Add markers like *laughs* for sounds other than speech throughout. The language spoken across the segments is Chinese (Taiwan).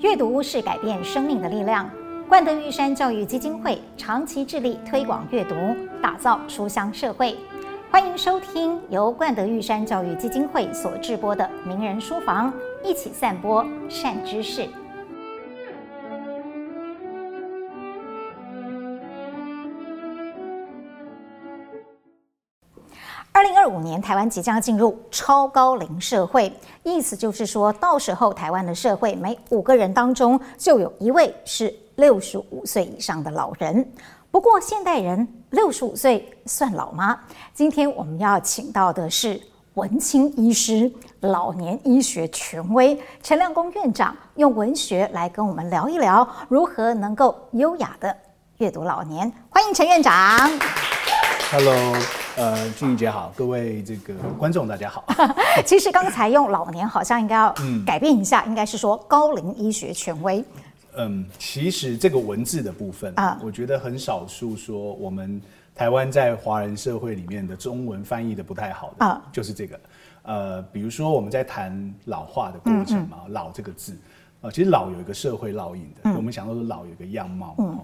閱讀是改變生命的力量。冠德玉山教育基金會長期致力推廣閱讀，打造書香社會。歡迎收聽由冠德玉山教育基金會所製播的《名人書房》，一起散播善知識。二零二五年，台灣即將進入超高齡社會，意思就是說到時候台灣的社會每五個人當中就有一位是六十五歲以上的老人。不過，現代人六十五歲算老嗎？今天我們要請到的是文青醫師、老年醫學權威陳亮恭院長，用文學來跟我們聊一聊如何能夠優雅地閱讀老年。歡迎陳院長。Hello。呃，俊怡姐好，嗯，各位這個觀眾大家好。其實剛才用老年好像應該要改變一下，嗯，應該是說高齡醫學權威。嗯，其實這個文字的部分啊，我覺得很少數說我們台灣在華人社會裡面的中文翻譯的不太好的啊，就是這個。呃，比如說我們在談老化的過程嘛，嗯嗯，老這個字其實老有一個社會烙印的，嗯，我們想到的老有一個樣貌。嗯，哦，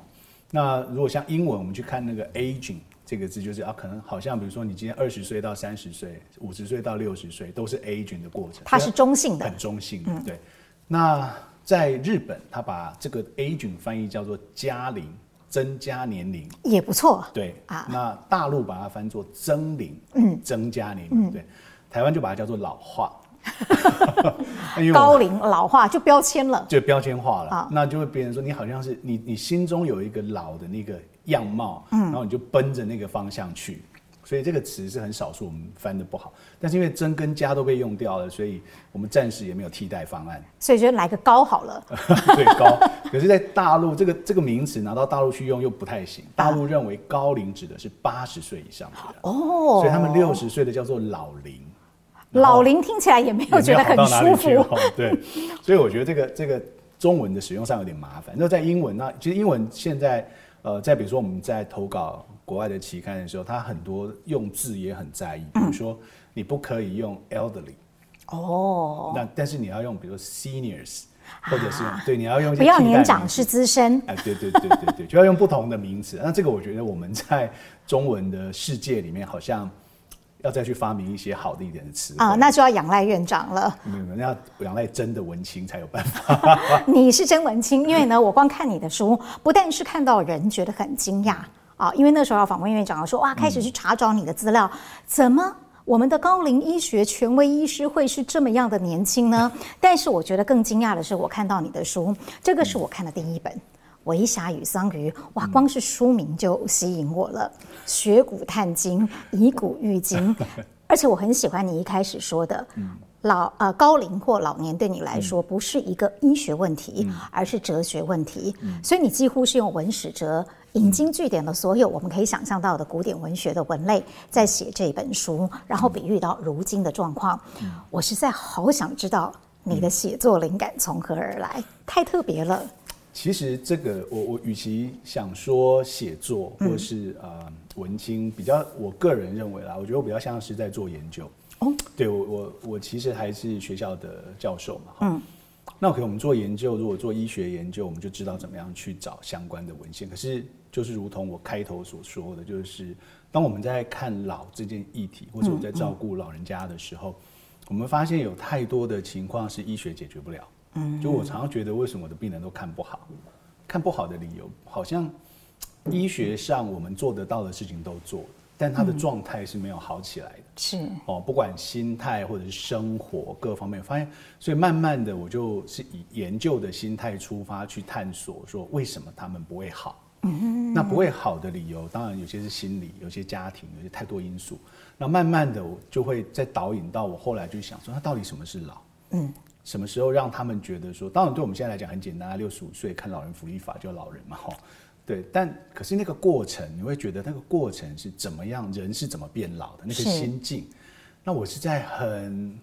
那如果像英文，我們去看那個 aging。這個字就是啊，可能好像比如說你今天二十歲到三十歲，五十歲到六十歲都是 aging 的過程，它是中性的，很中性的。的、嗯。對。那在日本，他把這個 aging 翻譯叫做加齡，增加年齡，也不錯。對啊。那大陸把它翻作增齡，嗯，增加年齡、嗯，對。台灣就把它叫做老化， *laughs* *laughs* 化高齡老化就標籤了，就標籤化了。那就會變成說你好像是你，你心中有一個老的那個，樣貌，嗯，然後你就奔着那個方向去，嗯、所以這個詞是很少數，我們翻得不好。但是因為“真”跟“家”都被用掉了，所以我們暫時也沒有替代方案。所以覺得來個“高”好了。 *laughs* 對，高。 *laughs* 可是，在大陸，這個這個名詞拿到大陸去用又不太行。大陸認為“高齡”指的是八十歲以上、啊。哦，所以他們六十歲的叫做老齡“老齡”。老齡聽起來也沒有覺得很舒服。 *laughs* 對，所以我覺得這個這個中文的使用上有點麻煩。那在英文呢？那其實英文現在。呃，再比如說我們在投稿國外的期刊的時候，他很多用字也很在意。比如說你不可以用 elderly，哦、嗯，那但是你要用比如說 seniors，或者是、啊、對你要用一些不要年長是資深，哎、呃，對對對對對，就要用不同的名詞。 *laughs* 那這個我覺得我們在中文的世界裡面好像。要再去發明一些好的一點的詞啊、哦，那就要仰賴院長了。那、嗯、要仰賴真的文青才有辦法 *laughs* 你是真文青， *laughs* 因為呢，我光看你的書，不但是看到人覺得很驚訝啊，因為那時候訪問院長說哇，開始去查找你的資料、嗯，怎麼我們的高齡醫學權威醫師會是這麼樣的年輕呢、嗯？但是我覺得更驚訝的是，我看到你的書，這個是我看的第一本。《微霞與桑榆》哇，光是書名就吸引我了。學古探今，以古喻今，而且我很喜歡你一開始說的，老，呃、高齡或老年對你來說不是一個醫學問題，而是哲學問題。所以你幾乎是用文史哲引經據典的所有我們可以想象到的古典文學的文類，在寫這本書，然後比喻到如今的狀況。我實在好想知道你的寫作靈感從何而來，太特別了。其實這個，我我與其想說寫作或是、嗯呃、文青，比較我個人認為啦，我覺得我比較像是在做研究。哦，對我我我其實還是學校的教授嘛。好嗯，那可、OK，我們做研究，如果做醫學研究，我們就知道怎麼樣去找相關的文獻。可是就是如同我開頭所說的，就是當我們在看老這件議題，或者我們在照顧老人家的時候嗯嗯，我們發現有太多的情況是醫學解決不了。就我常常覺得，為什麼我的病人都看不好？看不好的理由，好像醫學上我們做得到的事情都做，但他的狀態是沒有好起來的。嗯、是哦，不管心態或者是生活各方面，發現，所以慢慢的，我就是以研究的心態出發去探索，說為什麼他們不會好？嗯，那不會好的理由，當然有些是心理，有些家庭，有些太多因素。那慢慢的，我就會再導引到我後來就想說，他到底什麼是老？嗯。什麼時候讓他們覺得說，當然對我們現在來講很簡單啊，六十五歲看老人福利法就老人嘛，對。但可是那個過程，你會覺得那個過程是怎麼樣，人是怎麼變老的，那個心境。那我是在很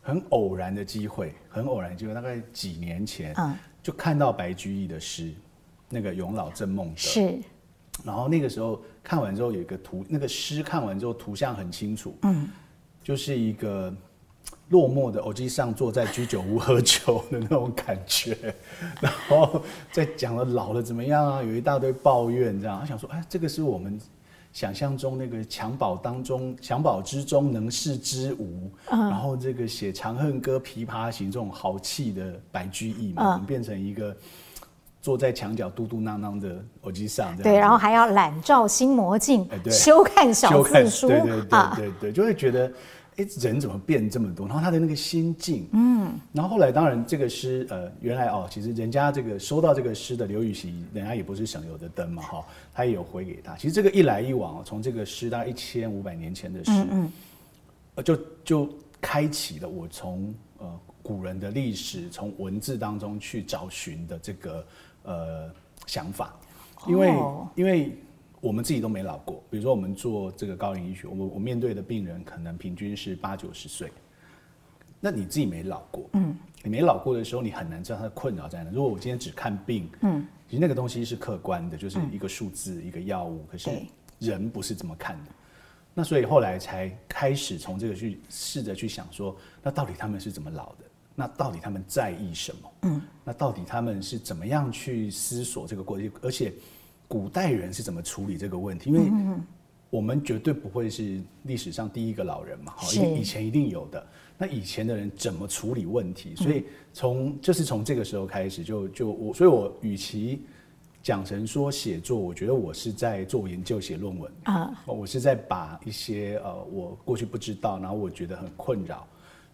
很偶然的機會，很偶然機會，大概幾年前，嗯，就看到白居易的詩，那個《詠老贈夢得》是。然後那個時候看完之後，有一個圖，那個詩看完之後圖像很清楚，嗯，就是一個。落寞的偶機上坐在居酒屋喝酒的那種感覺，然後在講了老了怎麼樣啊，有一大堆抱怨這樣。他想說，哎，這個是我們想象中那個襁褓當中襁褓之中能事之無，然後這個寫《長恨歌》《琵琶行》這種豪氣的白居易嘛，變成一個坐在牆角嘟嘟囔囔的偶機上，對，然後還要懶照新磨鏡，哎、欸，對，休看小字，書，對對對，對，對、啊，就會覺得。人怎麼變這麼多？然後他的那個心境，嗯，然後後來當然這個詩，呃，原來哦，其實人家這個收到這個詩的劉禹錫，人家也不是省油的燈嘛，哈，他也有回給他。其實這個一來一往、哦，從這個詩到一千五百年前的詩，就就開啟了我從、呃、古人的歷史、從文字當中去找尋的這個呃想法，因為因為。我們自己都沒老過，比如說我們做這個高齡醫學，我我面對的病人可能平均是八九十歲。那你自己沒老過，嗯，你沒老過的時候，你很難知道他的困擾在哪。如果我今天只看病，嗯，其實那個東西是客觀的，就是一個數字，嗯、一個藥物。可是人不是這麼看的。欸、那所以後來才開始從這個去試着去想說，那到底他們是怎麼老的？那到底他們在意什麼？嗯，那到底他們是怎麼樣去思索這個過程？而且。古代人是怎麼處理這個問題？因為我們絕對不會是歷史上第一個老人嘛，好，以以前一定有的。那以前的人怎麼處理問題？所以從就是從這個時候開始，就就我，所以我與其講成說寫作，我覺得我是在做研究、寫論文啊，我是在把一些呃我過去不知道，然後我覺得很困擾。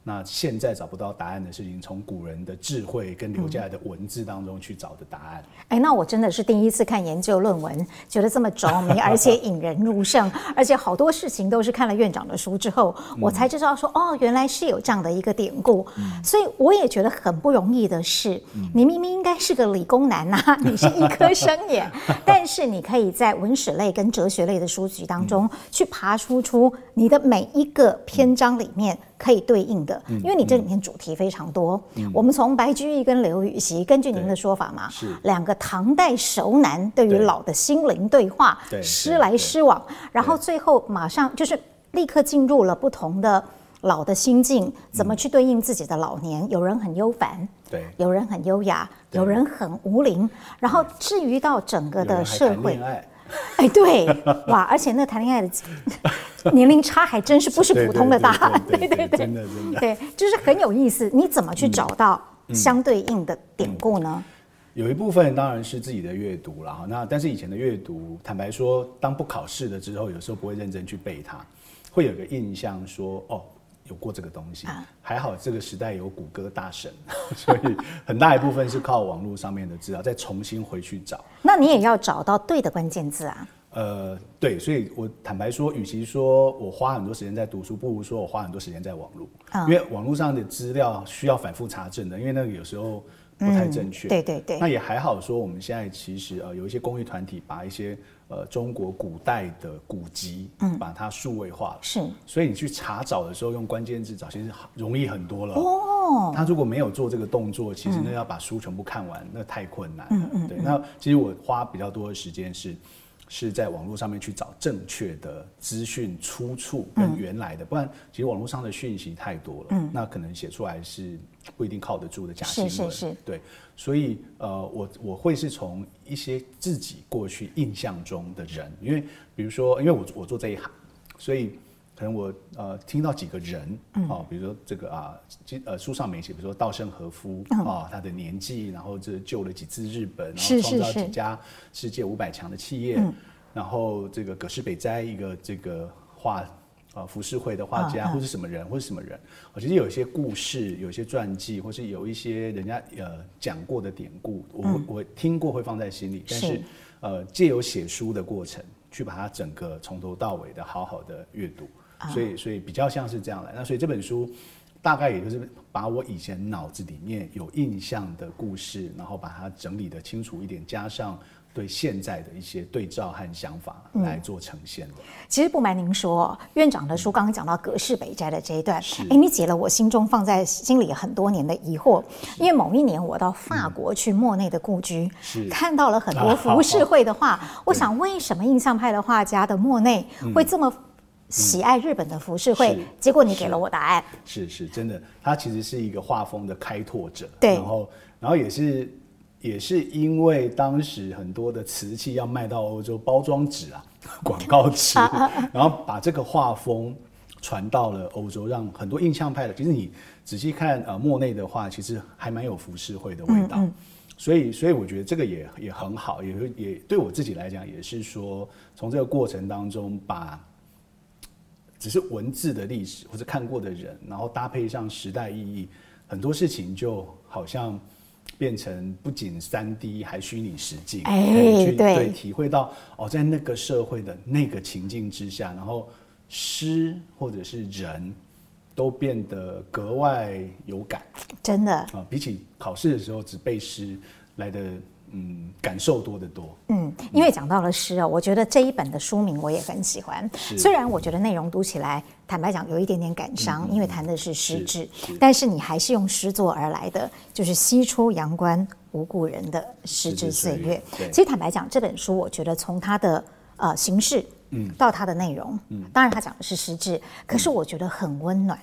那現在找不到答案的事情，從古人的智慧跟留下來的文字當中去找的答案。哎、嗯欸，那我真的是第一次看研究論文，覺得這麼着迷，而且引人入勝， *laughs* 而且好多事情都是看了院長的書之後，我才知道說，嗯、哦，原來是有這樣的一個典故。嗯、所以我也覺得很不容易的是，嗯、你明明應該是個理工男吶、啊，你是醫科生耶， *laughs* 但是你可以在文史類跟哲學類的書籍當中、嗯、去爬梳出你的每一個篇章裡面。嗯可以對應的，因為你這裡面主題非常多。嗯嗯、我們從白居易跟劉禹錫、嗯，根據您的說法嘛，是兩個唐代熟男對於老的心靈對話，對詩來詩往，然後最後馬上就是立刻進入了不同的老的心境，怎麼去對應自己的老年？嗯、有人很憂煩，對；有人很優雅，有人很無齡。然後至於到整個的社會。哎、欸，對，哇，而且那談戀愛的年齡差還真是不是普通的大，對對對，對，真的真的，對，就是很有意思。你怎麼去找到相對應的典故呢？有一部分當然是自己的閱讀啦，那但是以前的閱讀，坦白說，當不考試了之後，有時候不會認真去背它，會有個印象說，哦。有過這個東西，還好這個時代有谷歌大神，所以很大一部分是靠網絡上面的資料再重新回去找。那你也要找到對的關鍵字啊。呃，對，所以我坦白說，與其說我花很多時間在讀書，不如說我花很多時間在網絡，因為網絡上的資料需要反復查證的，因為那個有時候不太正確。對對對。那也還好，說我們現在其實呃有一些公益團體把一些。呃，中國古代的古籍，嗯，把它數位化了，嗯，是，所以你去查找的時候用關鍵字找，其實容易很多了。哦，他如果沒有做這個動作，其實那，嗯、要把書全部看完，那太困難了。了，嗯嗯嗯。對，那其實我花比較多的時間是。是在網絡上面去找正確的資訊出處跟原來的。嗯、不然其實網絡上的訊息太多了，嗯、那可能寫出來是不一定靠得住的假新聞。是是，是，對，所以呃，我我會是從一些自己過去印象中的人，嗯、因為比如說，因為我我做這一行，所以。可能我呃聽到幾個人啊、哦嗯，比如說這個啊，呃書上面寫，比如說稻盛和夫啊、嗯哦，他的年紀，然後這救了幾次日本，然後創造幾家世界五百強的企業是是是，然後這個葛飾北齋一個這個畫啊浮世繪的畫家、哦，或是什麼人，嗯、或是什麼人，我其實有一些故事，有一些傳記，或是有一些人家呃講過的典故，我、嗯、我聽過會放在心裡，但是，是呃借由寫書的過程，去把它整個從頭到尾的好好的閱讀。嗯、所以，所以比較像是這樣來。那所以這本書，大概也就是把我以前腦子裡面有印象的故事，然後把它整理得清楚一點，加上對現在的一些對照和想法來做呈現的、嗯、其實不瞞您說，院長的書剛剛講到葛飾北齋的這一段，哎、欸，你解了我心中放在心裡很多年的疑惑。因為某一年我到法國去莫內的故居是，看到了很多浮世繪的畫、啊，我想為什麼印象派的畫家的莫內會這麼。喜愛日本的浮世繪，嗯，結果你給了我答案。是是，是，真的，他其實是一個畫風的開拓者。對，然後然後也是也是因為當時很多的瓷器要賣到歐洲，包裝紙啊，廣告紙， *laughs* 然後把這個畫風傳到了歐洲，讓很多印象派的。其實你仔細看呃莫內的話，其實還蠻有浮世繪的味道。嗯嗯。所以所以我覺得這個也也很好，也是也對我自己來講，也是說從這個過程當中把。只是文字的歷史，或者看過的人，然後搭配上時代意義，很多事情就好像變成不僅三 D，還虛擬實境，哎、欸，對，可以去體會到哦，在那個社會的那個情境之下，然後詩或者是人都變得格外有感，真的啊，比起考試的時候只背詩來的。嗯，感受多得多。嗯，因為講到了詩啊、哦，我覺得這一本的書名我也很喜歡。雖然我覺得內容讀起來，坦白講有一點點感傷，嗯、因為談的是失智是是，但是你還是用詩作而來的，就是西出陽關無故人的失智歲月。其實坦白講，這本書我覺得從它的呃形式，到它的內容、嗯，當然它講的是失智，可是我覺得很溫暖。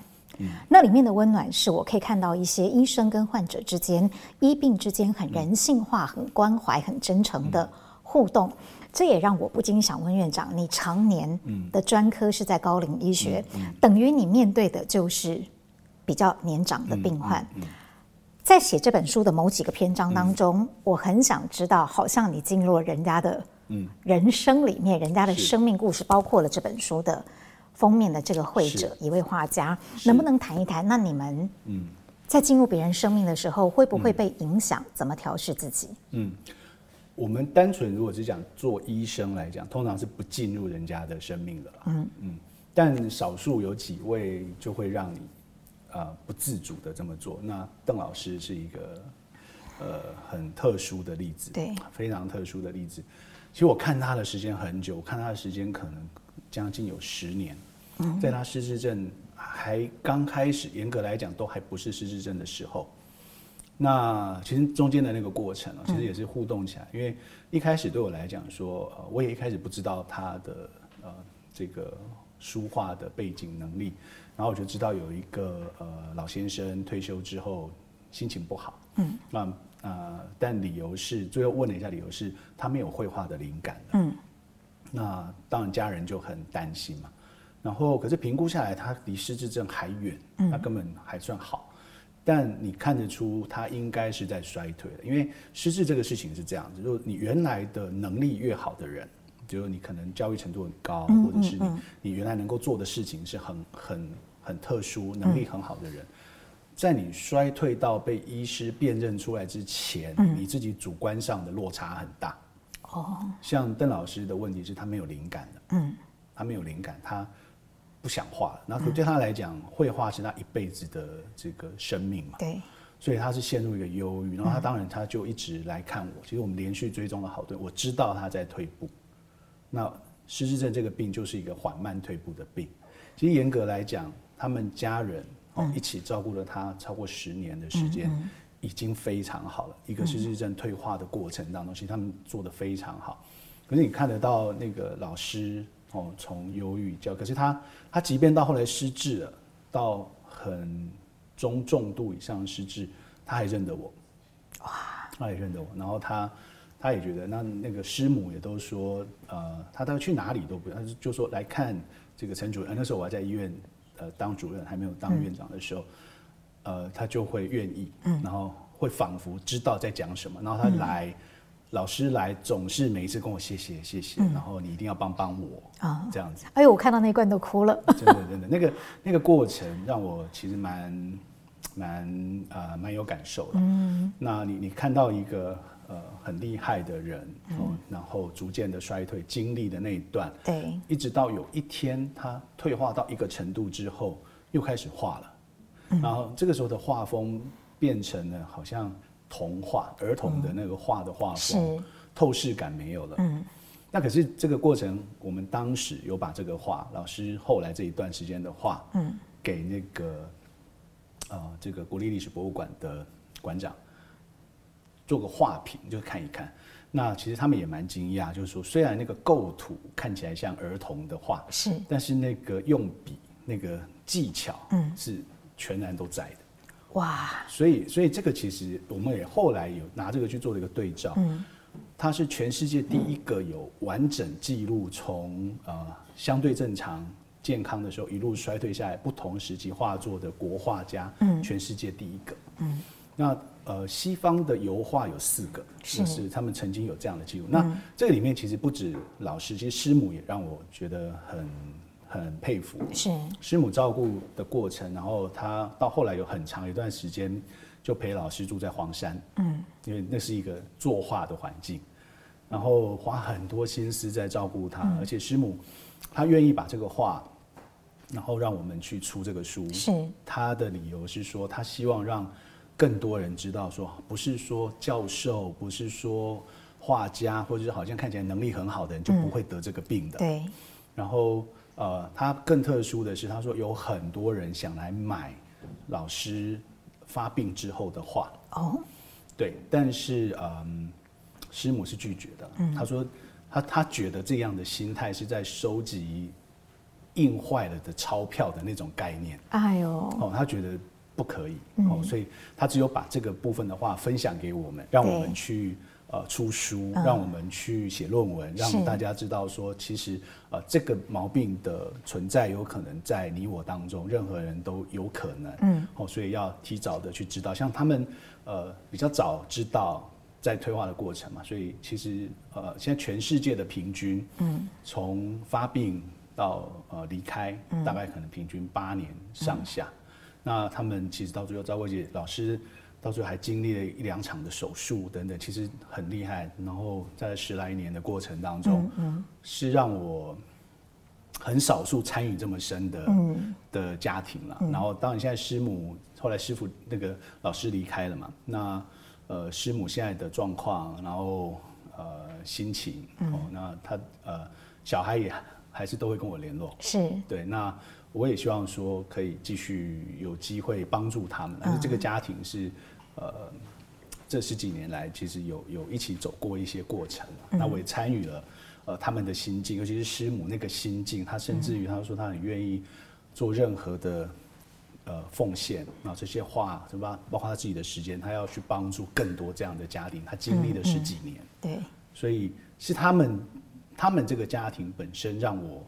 那裡面的溫暖，是我可以看到一些醫生跟患者之間醫病之間很人性化、很關懷、很真誠的互動。這也讓我不禁想問院長，你常年的專科是在高齡醫學，等於你面對的就是比較年長的病患。在寫這本書的某幾個篇章當中，我很想知道，好像你進入人家的人生裡面，人家的生命故事，包括了這本書的。封面的這個繪者，一位畫家，能不能談一談？那你們嗯，在進入別人生命的時候，會不會被影響、嗯？怎麼調適自己？嗯，我們單純如果只講做醫生來講，通常是不進入人家的生命的。嗯，嗯但少數有幾位就會讓你、呃、不自主的這麼做。那鄧老師是一個呃很特殊的例子，對，非常特殊的例子。其實我看他的時間很久，我看他的時間可能。將近有十年，在他失智症還剛開始，嚴格來講都還不是失智症的時候，那其實中間的那個過程啊，其實也是互動起來。嗯，因為一開始對我來講說，我也一開始不知道他的呃這個書畫的背景能力，然後我就知道有一個呃老先生退休之後心情不好，嗯，那呃但理由是最後問了一下，理由是他沒有繪畫的靈感，嗯。那當然，家人就很擔心嘛。然後，可是評估下來，他離失智症還遠，他根本還算好。但你看得出，他應該是在衰退的。因為失智這個事情是這樣子，就是你原來的能力越好的人，就是你可能教育程度很高，或者是你你原來能夠做的事情是很很很特殊，能力很好的人，在你衰退到被醫師辨認出來之前，你自己主觀上的落差很大。像鄧老師的問題是他沒有靈感了，嗯，他沒有靈感，他不想畫了。那可對他來講，繪畫是他一輩子的這個生命嘛，對，所以他是陷入一個憂鬱。然後他當然他就一直來看我，嗯，其實我們連續追蹤了好多，我知道他在退步。那失智症這個病就是一個緩慢退步的病，其實嚴格來講，他們家人哦，嗯，一起照顧了他超過十年的時間。嗯，嗯，嗯。已經非常好了，一個是日漸退化的過程當中，其實他們做得非常好。可是你看得到那個老師哦，從憂鬱教，可是他他即便到後來失智了，到很中重度以上失智，他還認得我，啊，他也認得我。然後他他也覺得那那個師母也都說，呃，他他去哪裡都不，他就說來看這個陳主任，呃。那時候我還在醫院呃當主任，還沒有當院長的時候。嗯呃，他就會願意，然後會仿佛知道在講什麼、嗯，然後他來、嗯，老師來，總是每一次跟我謝謝謝謝、嗯，然後你一定要幫幫我啊、哦，這樣子。哎呦，我看到那一罐，都哭了。真的真的，那個那個過程讓我其實蠻蠻啊蠻有感受的。嗯，那你你看到一個呃很厲害的人，呃、然後逐漸的衰退經歷的那一段，對，呃、一直到有一天他退化到一個程度之後，又開始化了。嗯、然後這個時候的畫風變成了好像童話兒童的那個畫的畫風，嗯、透視感沒有了、嗯。那可是這個過程，我們當時有把這個畫，老師後來這一段時間的畫，嗯、給那個啊、呃，這個國立歷史博物館的館長做個畫評，就看一看。那其實他們也蠻驚訝，就是說雖然那個構圖看起來像兒童的畫，是，但是那個用筆那個技巧，嗯，是。全然都在的，哇！所以，所以這個其實我們也後來有拿這個去做了一個對照。嗯，它是全世界第一個有完整記錄從呃，相對正常健康的時候，一路衰退下來不同時期畫作的國畫家。嗯，全世界第一個。嗯，嗯，那呃西方的油畫有四個，是，就是他們曾經有這樣的記錄。嗯，那這個裡面其實不止老師，其實師母也讓我覺得很。很佩服，是師母照顧的過程，然後他到後來有很長一段時間就陪老師住在黃山，嗯，因為那是一個作畫的環境，然後花很多心思在照顧他，嗯，而且師母他願意把這個畫，然後讓我們去出這個書，是他的理由是說他希望讓更多人知道說，說不是說教授，不是說畫家，或者是好像看起來能力很好的人就不會得這個病的。嗯，對，然後。呃，他更特殊的是，他說有很多人想來買老師發病之後的話哦，對，但是嗯、呃，師母是拒絕的，嗯、他說他他覺得這樣的心態是在收集印壞了的鈔票的那種概念，哎呦，哦、他覺得不可以、嗯哦、所以他只有把這個部分的話分享給我們，讓我們去。呃，出書讓我們去寫論文，嗯、讓大家知道說，其實呃這個毛病的存在，有可能在你我當中，任何人都有可能。嗯，哦、所以要提早的去知道，像他們呃比較早知道在退化的過程嘛，所以其實呃現在全世界的平均，嗯，從發病到呃離開，大概可能平均八年上下、嗯。那他們其實到最後，趙薇姐老師。到最後還經歷了一兩場的手術等等，其實很厲害。然後在十來年的過程當中，嗯嗯、是讓我很少數參與這麼深的、嗯、的家庭了、嗯。然後當然現在師母後來師父那個老師離開了嘛，那呃師母現在的狀況，然後呃心情哦、嗯喔，那他呃小孩也還是都會跟我聯絡。是對，那我也希望說可以繼續有機會幫助他們。嗯、但是這個家庭是。呃，這十幾年來，其實有有一起走過一些過程，啊嗯，那我也參與了，呃，他們的心境，尤其是師母那個心境，他甚至於他說他很願意做任何的呃奉獻，那這些話什麼，包括他自己的時間，他要去幫助更多這樣的家庭，他經歷了十幾年，嗯嗯、對，所以是他們他們這個家庭本身讓我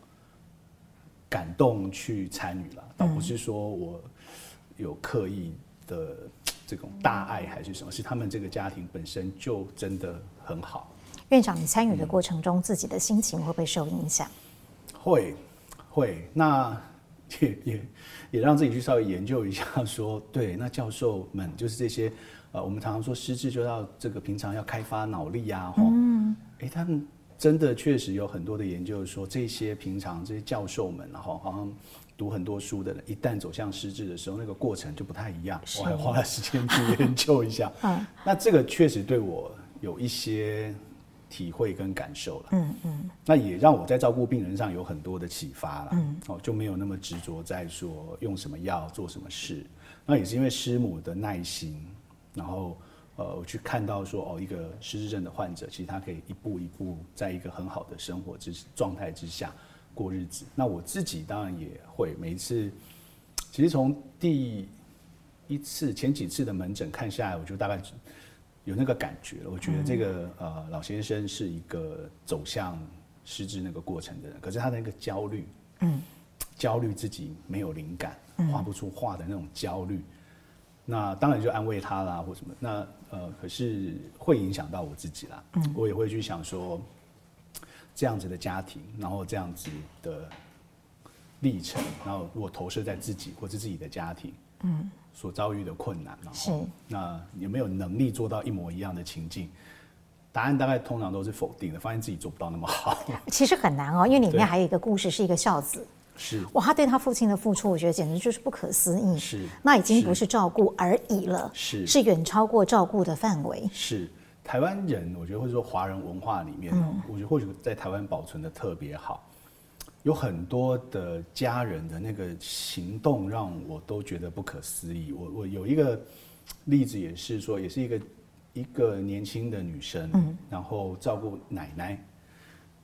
感動，去參與了，倒不是說我有刻意。的這種大愛還是什麼？是他們這個家庭本身就真的很好。院長，你參與的過程中，嗯，自己的心情會不會受影響？會，會。那也也也讓自己去稍微研究一下說，說對，那教授們就是這些，呃、我們常常說失智，就要這個平常要開發腦力啊。哦、嗯。哎、欸，他們真的確實有很多的研究說，這些平常這些教授們，然後、哦、好像。讀很多書的人，一旦走向失智的時候，那個過程就不太一樣。我還花了時間去研究一下，那這個確實對我有一些體會跟感受了，嗯嗯，那也讓我在照顧病人上有很多的啟發了，嗯，哦，就沒有那麼執着在說用什麼藥做什麼事。那也是因為師母的耐心，然後呃，我去看到說哦，一個失智症的患者，其實他可以一步一步，在一個很好的生活之狀態之下。過日子，那我自己當然也會。每一次，其實從第一次、前幾次的門診看下來，我就大概有那個感覺了。嗯、我覺得這個呃老先生是一個走向失智那個過程的人，可是他的那個焦慮、嗯，焦慮自己沒有靈感，畫不出畫的那種焦慮、嗯，那當然就安慰他啦或什麼。那呃，可是會影響到我自己啦、嗯。我也會去想說。這樣子的家庭，然後這樣子的歷程，然後如果投射在自己或者是自己的家庭，嗯，所遭遇的困難，嗯，然後是那有沒有能力做到一模一樣的情境？答案大概通常都是否定的，發現自己做不到那麼好。其實很難哦，因為裡面還有一個故事，是一個孝子，是哇，他對他父親的付出，我覺得簡直就是不可思議，是那已經不是照顧而已了，是是遠超過照顧的範圍，是。台灣人，我覺得或者說華人文化裡面，我覺得或許在台灣保存得特別好，有很多的家人的那個行動讓我都覺得不可思議。我我有一個例子也是說，也是一個一個年輕的女生，然後照顧奶奶，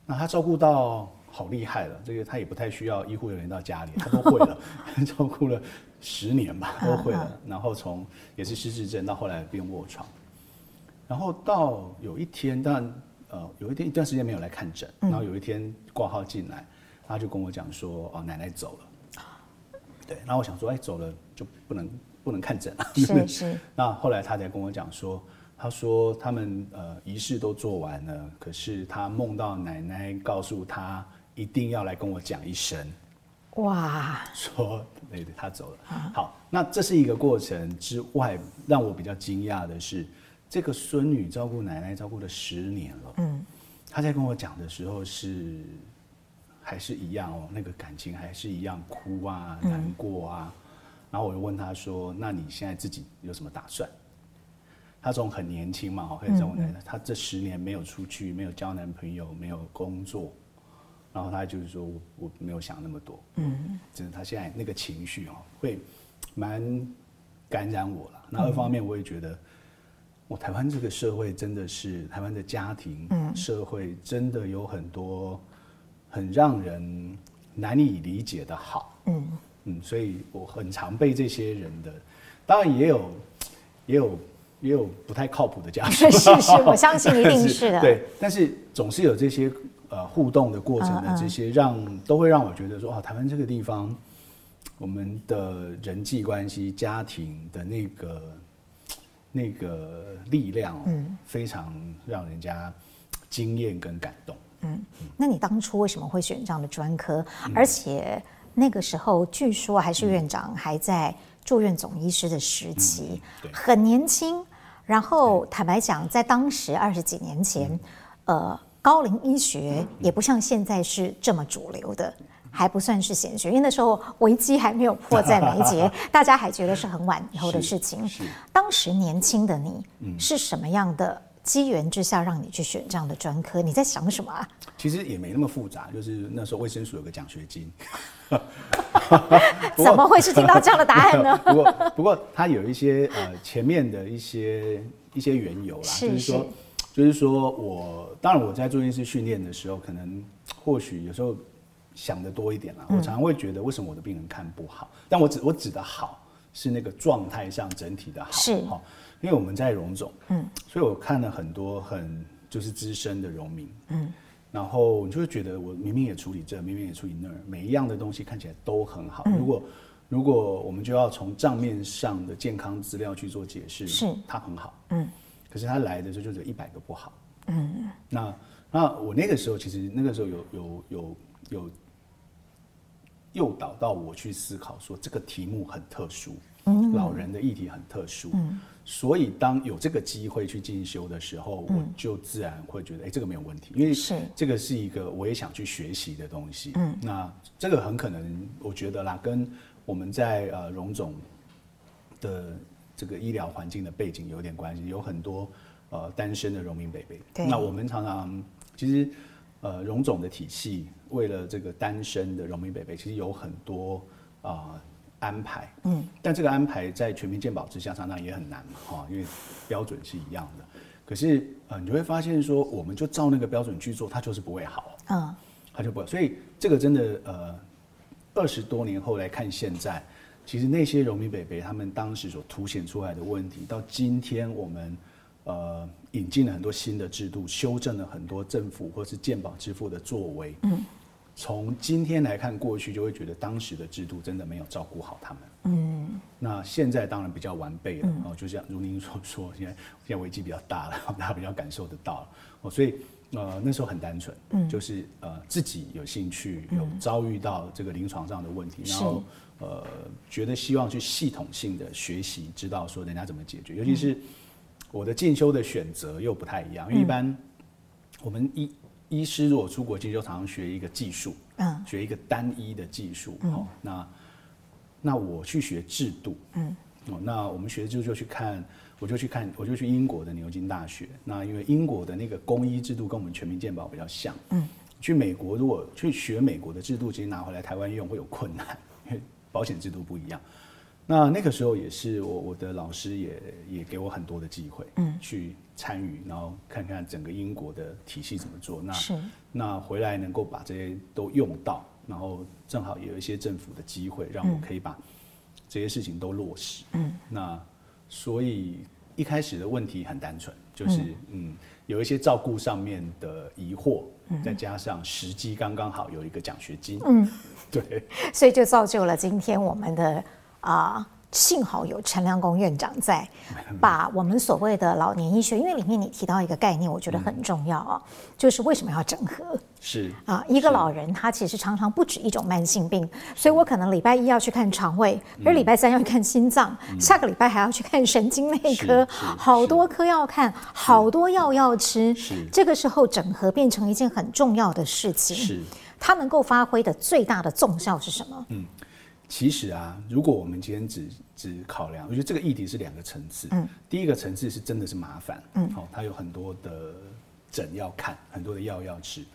那她照顧到好厲害了，這個她也不太需要醫護人員到家裡，她都會了， *laughs* 照顧了十年吧，都會了。然後從也是失智症到後來變臥床。然後到有一天，但呃，有一天一段時間沒有來看診，嗯，然後有一天掛號進來，他就跟我講說：“哦，奶奶走了。”對。然後我想說：“哎，走了就不能不能看診了。”是，是，是。 *laughs* 那後來他才跟我講說：“他說他們呃儀式都做完了，可是他夢到奶奶告訴他一定要來跟我講一聲。”哇！說：“對，對，對，他走了。”啊？好，那這是一個過程之外，讓我比較驚訝的是。這個孫女照顧奶奶照顧了十年了，嗯，她在跟我講的時候是還是一樣哦、喔，那個感情還是一樣，哭啊，難過啊。嗯、然後我就問她說：“那你現在自己有什麼打算？”她從很年輕嘛，哦，可以照 u 奶奶，她、嗯嗯、這十年沒有出去，沒有交男朋友，沒有工作。然後她就是說我：“我沒有想那麼多，嗯，真的。」她現在那個情緒哦、喔，會蠻感染我了。然後一方面我也覺得。嗯”我台灣這個社會真的是台灣的家庭、社會，真的有很多很讓人難以理解的好。嗯嗯，所以我很常被這些人的，當然也有也有也有不太靠譜的家庭。是是是，我相信一定是的。 *laughs* 是對，但是總是有這些、呃、互動的過程的，這些讓都會讓我覺得說啊，台灣這個地方我們的人際關係、家庭的那個。那個力量，嗯，非常讓人家驚艷跟感動。嗯，那你當初為什麼會選這樣的專科？嗯，而且那個時候據說還是院長還在住院總醫師的時期，嗯，嗯，對，很年輕。然後坦白講，在當時二十幾年前，呃，高齡醫學也不像現在是這麼主流的。還不算是顯學，因為那時候危機還沒有迫在眉睫， *laughs* 大家還覺得是很晚以後的事情。是，是當時年輕的你、嗯、是什麼樣的機緣之下讓你去選這樣的專科？你在想什麼啊？其實也沒那麼複雜，就是那時候衛生署有個獎學金。 *laughs* 不過 *laughs* 怎麼會是聽到這樣的答案呢？ *laughs* 不過不過，不過他有一些呃前面的一些一些緣由啦，就是說是就是說我當然我在做醫師訓練的時候，可能或許有時候。想的多一點了，我常常會覺得為什麼我的病人看不好？嗯、但我指我指的好是那個狀態上整體的好，是。因為我們在榮總，嗯，所以我看了很多很就是資深的榮民，嗯，然後你就會覺得我明明也處理這，明明也處理那兒，每一樣的東西看起來都很好。嗯、如果如果我們就要從賬面上的健康資料去做解釋，是它很好，嗯，可是它來的時候就只有一百個不好，嗯，那那我那個時候其實那個時候有有有有。有有有誘導到我去思考，說這個題目很特殊，mm -hmm. 老人的議題很特殊，mm -hmm. 所以當有這個機會去進修的時候，mm -hmm. 我就自然會覺得，哎、欸，這個沒有問題，因為是這個是一個我也想去學習的東西，嗯，那這個很可能我覺得啦，跟我們在呃榮總的這個醫療環境的背景有點關係，有很多呃單身的榮民北北。對，那我們常常其實呃榮總的體系。為了這個單身的榮民伯伯，其實有很多啊、呃、安排，嗯，但這個安排在全民健保之下，常常也很難哈，因為標準是一樣的。可是呃，你就會發現說，我們就照那個標準去做，它就是不會好，嗯，它就不會。所以這個真的呃，二十多年後來看現在，其實那些榮民伯伯他們當時所凸顯出來的問題，到今天我們呃引進了很多新的制度，修正了很多政府或是健保支付的作為，嗯。從今天來看，過去就會覺得當時的制度真的沒有照顧好他們。嗯，那現在當然比較完備了。嗯。哦，就像如您所說，現在現在危機比較大了，大家比較感受得到了。哦，所以呃那時候很單純，嗯，就是呃自己有興趣，有遭遇到這個臨床上的問題，然後呃覺得希望去系統性的學習，知道說人家怎麼解決。尤其是我的進修的選擇又不太一樣，因為一般我們一。醫師如果出國進修，常常學一個技術、嗯，學一個單一的技術、嗯喔，那那我去學制度、嗯喔，那我們學制度就去看，我就去看，我就去英國的牛津大學，那因為英國的那個公醫制度跟我們全民健保比較像、嗯，去美國如果去學美國的制度，直接拿回來台灣用會有困難，因為保險制度不一樣。那那個時候也是我我的老師也也給我很多的機會，去。嗯參與，然後看看整個英國的體系怎麼做。那是那回來能夠把這些都用到，然後正好也有一些政府的機會，讓我可以把這些事情都落實。嗯，那所以一開始的問題很單純，就是嗯，嗯，有一些照顧上面的疑惑，嗯、再加上時機剛剛好有一個獎學金。嗯，對，所以就造就了今天我們的啊。呃幸好有陳亮恭院長在，把我們所謂的老年醫學，因為裡面你提到一個概念，我覺得很重要啊、嗯，就是為什麼要整合？是啊是，一個老人他其實常常不止一種慢性病，所以我可能禮拜一要去看腸胃，嗯、而禮拜三要看心臟、嗯，下個禮拜還要去看神經內科、嗯，好多科要看，好多藥要吃是，這個時候整合變成一件很重要的事情。是，他能夠發揮的最大的綜效是什麼？嗯。其實啊，如果我們今天只只考量，我覺得這個議題是兩個層次、嗯。第一個層次是真的是麻煩，好、嗯，它有很多的診要看，很多的藥要吃，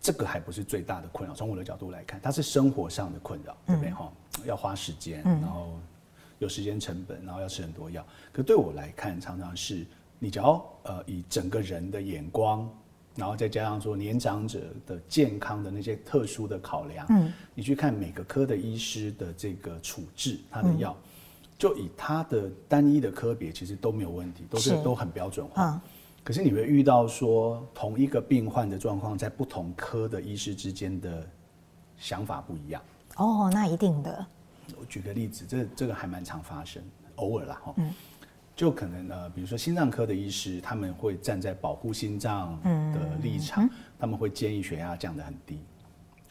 這個還不是最大的困擾。從我的角度來看，它是生活上的困擾，對不對？哈、喔，要花時間，然後有時間成本，然後要吃很多藥、嗯。可對我來看，常常是，你只要呃以整個人的眼光。然後再加上說年長者的健康的那些特殊的考量，嗯，你去看每個科的醫師的這個處置，嗯、他的藥，就以他的單一的科別，其實都沒有問題，都是都很標準化、嗯。可是你會遇到說同一個病患的狀況，在不同科的醫師之間的想法不一樣。哦，那一定的。我舉個例子，這這個還蠻常發生，偶爾啦，哈、哦。嗯就可能呢，比如說心臟科的醫師，他們會站在保護心臟的立場，他們會建議血壓降得很低，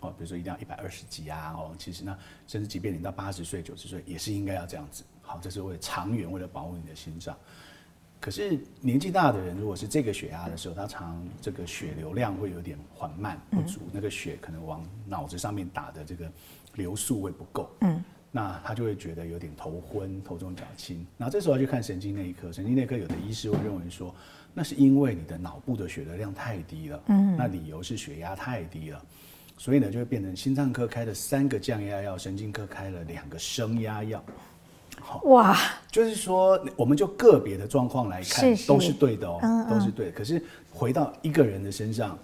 哦，比如說一定要一百二十幾啊，哦，其實呢，甚至即便你到八十歲、九十歲，也是應該要這樣子，好，這是為了長遠，為了保護你的心臟。可是年紀大的人，如果是這個血壓的時候，嗯、他常常這個血流量會有點緩慢不足，嗯，那個血可能往腦子上面打的這個流速會不夠，嗯。那他就會覺得有點頭昏、頭重腳輕。那這時候就看神經內科，神經內科有的醫師會認為說，那是因為你的腦部的血的量太低了，嗯。那理由是血壓太低了，所以呢就會變成心臟科開了三個降壓藥，神經科開了兩個升壓藥。哇，就是說我們就個別的狀況來看是是都是對的哦，喔嗯嗯，都是對的。可是回到一個人的身上，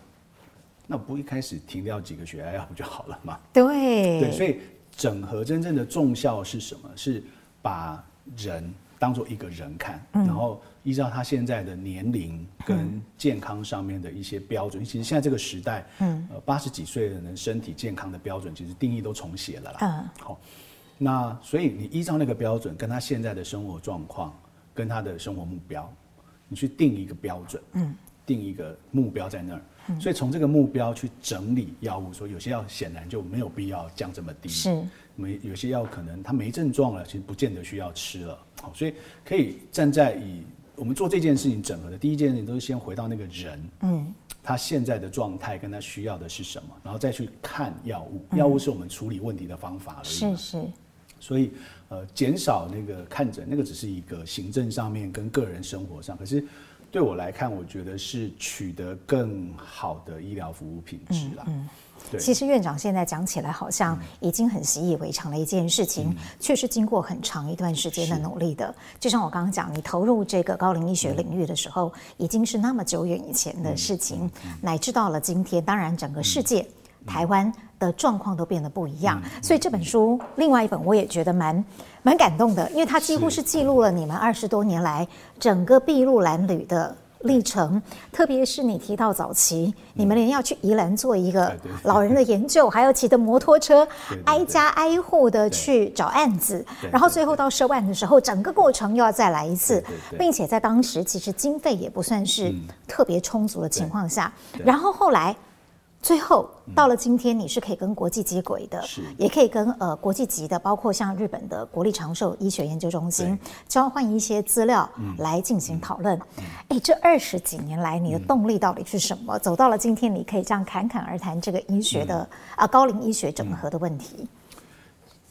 那不一開始停掉幾個血壓藥不就好了嗎？對，對，所以。整合，真正的重效是什麼？是把人當做一個人看，嗯，然後依照他現在的年齡跟健康上面的一些標準。嗯，其實現在這個時代，嗯，呃，八十幾歲的人身體健康的標準其實定義都重寫了啦。嗯，好，那所以你依照那個標準，跟他現在的生活狀況，跟他的生活目標，你去定一個標準，嗯，定一個目標在那兒。嗯、所以從這個目標去整理藥物，說有些藥顯然就沒有必要降這麼低，是有些藥可能它沒症狀了，其實不見得需要吃了。所以可以站在以我們做這件事情整合的第一件事情，都是先回到那個人，嗯，他現在的狀態跟他需要的是什麼，然後再去看藥物。藥物、嗯、藥物是我們處理問題的方法而已，是是。所以呃，減少那個看診，那個只是一個行政上面跟個人生活上，可是。對我來看，我覺得是取得更好的醫療服務品質了。嗯，嗯，對。其實院長現在講起來，好像已經很習以為常的一件事情、嗯，卻是經過很長一段時間的努力的。就像我剛剛講，你投入這個高齡醫學領域的時候，嗯、已經是那麼久遠以前的事情、嗯，乃至到了今天，當然整個世界。嗯嗯台灣的狀況都變得不一樣，嗯、所以這本書、嗯、另外一本我也覺得蠻蠻感動的，因為它幾乎是記錄了你們二十多年來整個篳路藍縷的歷程。特別是你提到早期，嗯、你們連要去宜蘭做一個老人的研究，對對對，還要騎着摩托車，對對對，挨家挨戶的去找案子，對對對，然後最後到收案的時候對對對，整個過程又要再來一次，對對對，並且在當時其實經費也不算是特別充足的情況下對對對，然後後來。最後到了今天，你是可以跟國際接軌的是，也可以跟呃國際級的，包括像日本的國立長壽醫學研究中心交換一些資料來進行討論。哎、嗯嗯欸，這二十幾年來，你的動力到底是什麼？嗯、走到了今天，你可以這樣侃侃而談這個醫學的、嗯、啊高齡醫學整合的問題。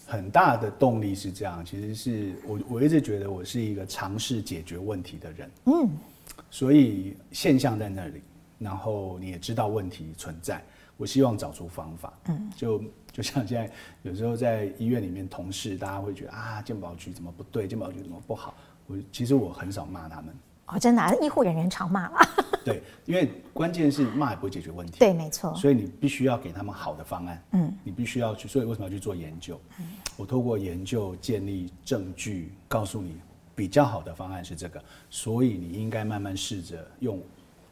很大的動力是這樣，其實是我我一直覺得我是一個嘗試解決問題的人，嗯，所以現象在那裡，然後你也知道問題存在，我希望找出方法。嗯，就就像現在有時候在醫院裡面，同事大家會覺得啊，健保局怎麼不對，健保局怎麼不好。我其實我很少罵他們。哦，真的啊，醫護人員常罵啊。 *laughs* 對，因為關鍵是罵也不會解決問題。對，沒錯。所以你必須要給他們好的方案。嗯，你必須要去，所以為什麼要去做研究？嗯，我透過研究建立證據，告訴你比較好的方案是這個，所以你應該慢慢試着用。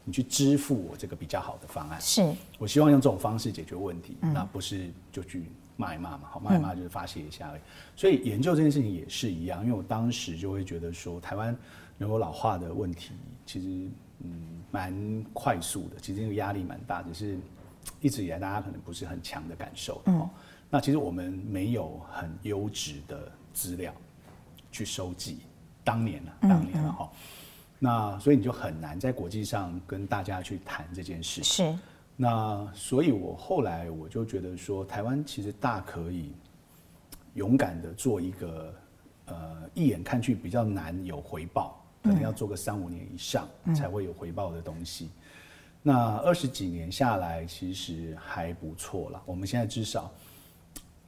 你去支付我這個比較好的方案是，是我希望用這種方式解決問題，嗯、那不是就去罵一罵嘛？好，罵一罵就是發洩一下而已、嗯。所以研究這件事情也是一樣，因為我當時就會覺得說，台灣人口老化的問題其實嗯蠻快速的，其實壓力蠻大，只是一直以來大家可能不是很強的感受的。嗯。那其實我們沒有很優質的資料去收集，當年了、啊，當年了哈。嗯嗯那所以你就很難在國際上跟大家去談這件事情。是。那所以我後來我就覺得說，台灣其實大可以勇敢的做一個，呃，一眼看去比較難有回報，可能要做個三五年以上，嗯，才會有回報的東西。嗯，那二十幾年下來，其實還不錯啦。我們現在至少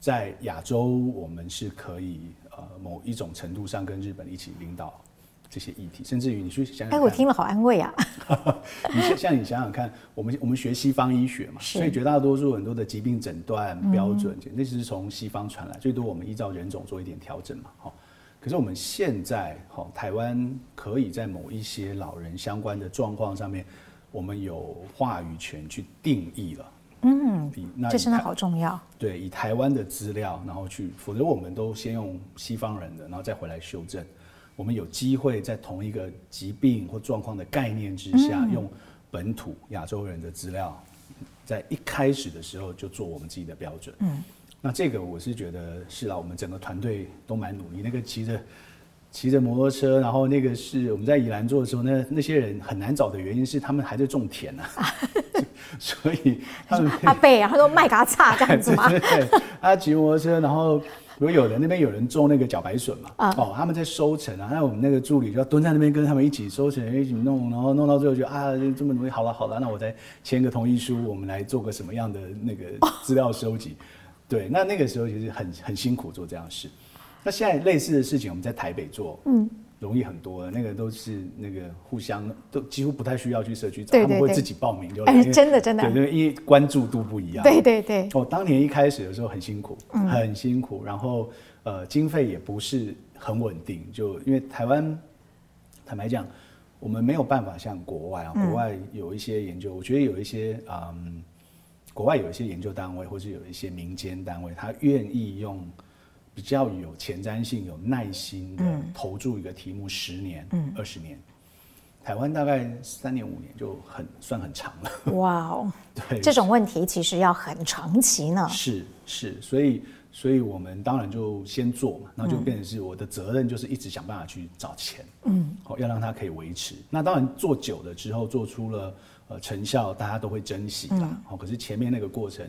在亞洲，我們是可以呃某一種程度上跟日本一起領導。這些議題，甚至於你去想，想，哎，我聽了好安慰啊！ *laughs* 你像你想想看，我們我們學西方醫學嘛，所以絕大多數很多的疾病診斷標準，那、嗯、是從西方傳來，最多我們依照人種做一點調整嘛、哦。可是我們現在，哦、台灣可以在某一些老人相關的狀況上面，我們有話語權去定義了。嗯，比那這真的好重要。對，以台灣的資料，然後去，否則我們都先用西方人的，然後再回來修正。我們有機會在同一個疾病或狀況的概念之下，用本土亞洲人的資料，在一開始的時候就做我們自己的標準。嗯，那這個我是覺得是啦，我們整個團隊都蠻努力。那個騎着騎着摩托車，然後那個是我們在宜蘭做的時候，那那些人很難找的原因是他們還在種田啊， *laughs* *laughs* 所以他們阿伯，然後都麥卡差這樣子嘛， *laughs* 對，他騎摩托車，然後。如果有人那邊有人種那個茭白筍嘛。uh. 哦，他們在收成啊，那我們那個助理就要蹲在那邊跟他們一起收成，一起弄，然後弄到最後就啊，就這麼容易，好了好了，那我再簽個同意書，我們來做個什麼樣的那個資料收集？Uh. 對，那那個時候其實很很辛苦做這樣的事。那現在類似的事情我們在台北做，嗯。容易很多，那個都是那個互相都幾乎不太需要去社區找。對對對，他們會自己報名就。哎、欸，真的真的、啊，對對對，因為關注度不一樣。對對對。哦，當年一開始的時候很辛苦，嗯、很辛苦，然後呃，經費也不是很穩定，就因為台灣坦白講，我們沒有辦法像國外啊，國外有一些研究，嗯、我覺得有一些嗯，國外有一些研究單位或者有一些民間單位，他願意用。比較有前瞻性、有耐心的投注一個題目十年、嗯、二十年，嗯、台灣大概三年五年就很算很長了。哇哦，對，這種問題其實要很長期呢。是是，所以所以我們當然就先做嘛，那就變成是我的責任，就是一直想辦法去找錢，嗯，好要讓它可以維持。那當然做久了之後，做出了呃成效，大家都會珍惜啦。好、嗯，可是前面那個過程，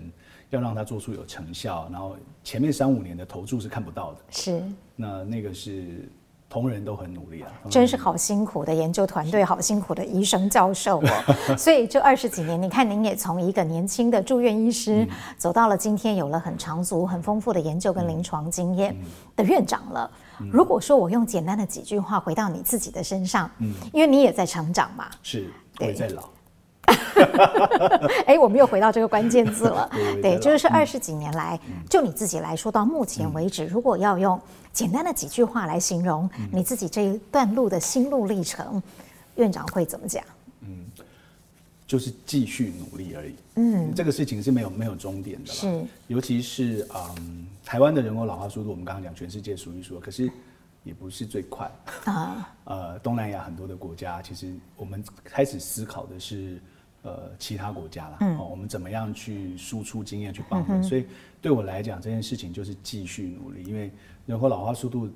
要讓他做出有成效，然後前面三五年的投注是看不到的。是，那那個是同仁都很努力啊，真是好辛苦的研究團隊，好辛苦的醫生教授哦、喔。 *laughs* 所以這二十幾年，你看您也從一個年輕的住院醫師、嗯，走到了今天有了很長足、很豐富的研究跟臨床經驗的院長了、嗯。如果說我用簡單的幾句話回到你自己的身上，嗯，因為你也在成長嘛，是，對，我也在老。哎、 *laughs* *laughs* 欸，我們又回到這個關鍵字了 *laughs* 對對。對，就是二十幾年來、嗯，就你自己來說，嗯、到目前為止、嗯，如果要用簡單的幾句話來形容你自己這一段路的心路歷程、嗯，院長會怎麼講？嗯，就是繼續努力而已。嗯，這個事情是沒有沒有終點的。是，尤其是嗯、呃，台灣的人口老化速度，我們剛剛講全世界數一數二，可是也不是最快啊。呃，東南亞很多的國家，其實我們開始思考的是。呃，其他國家啦、嗯，哦，我們怎麼樣去輸出經驗去幫助、嗯？所以對我來講，這件事情就是繼續努力，因為人口老化速度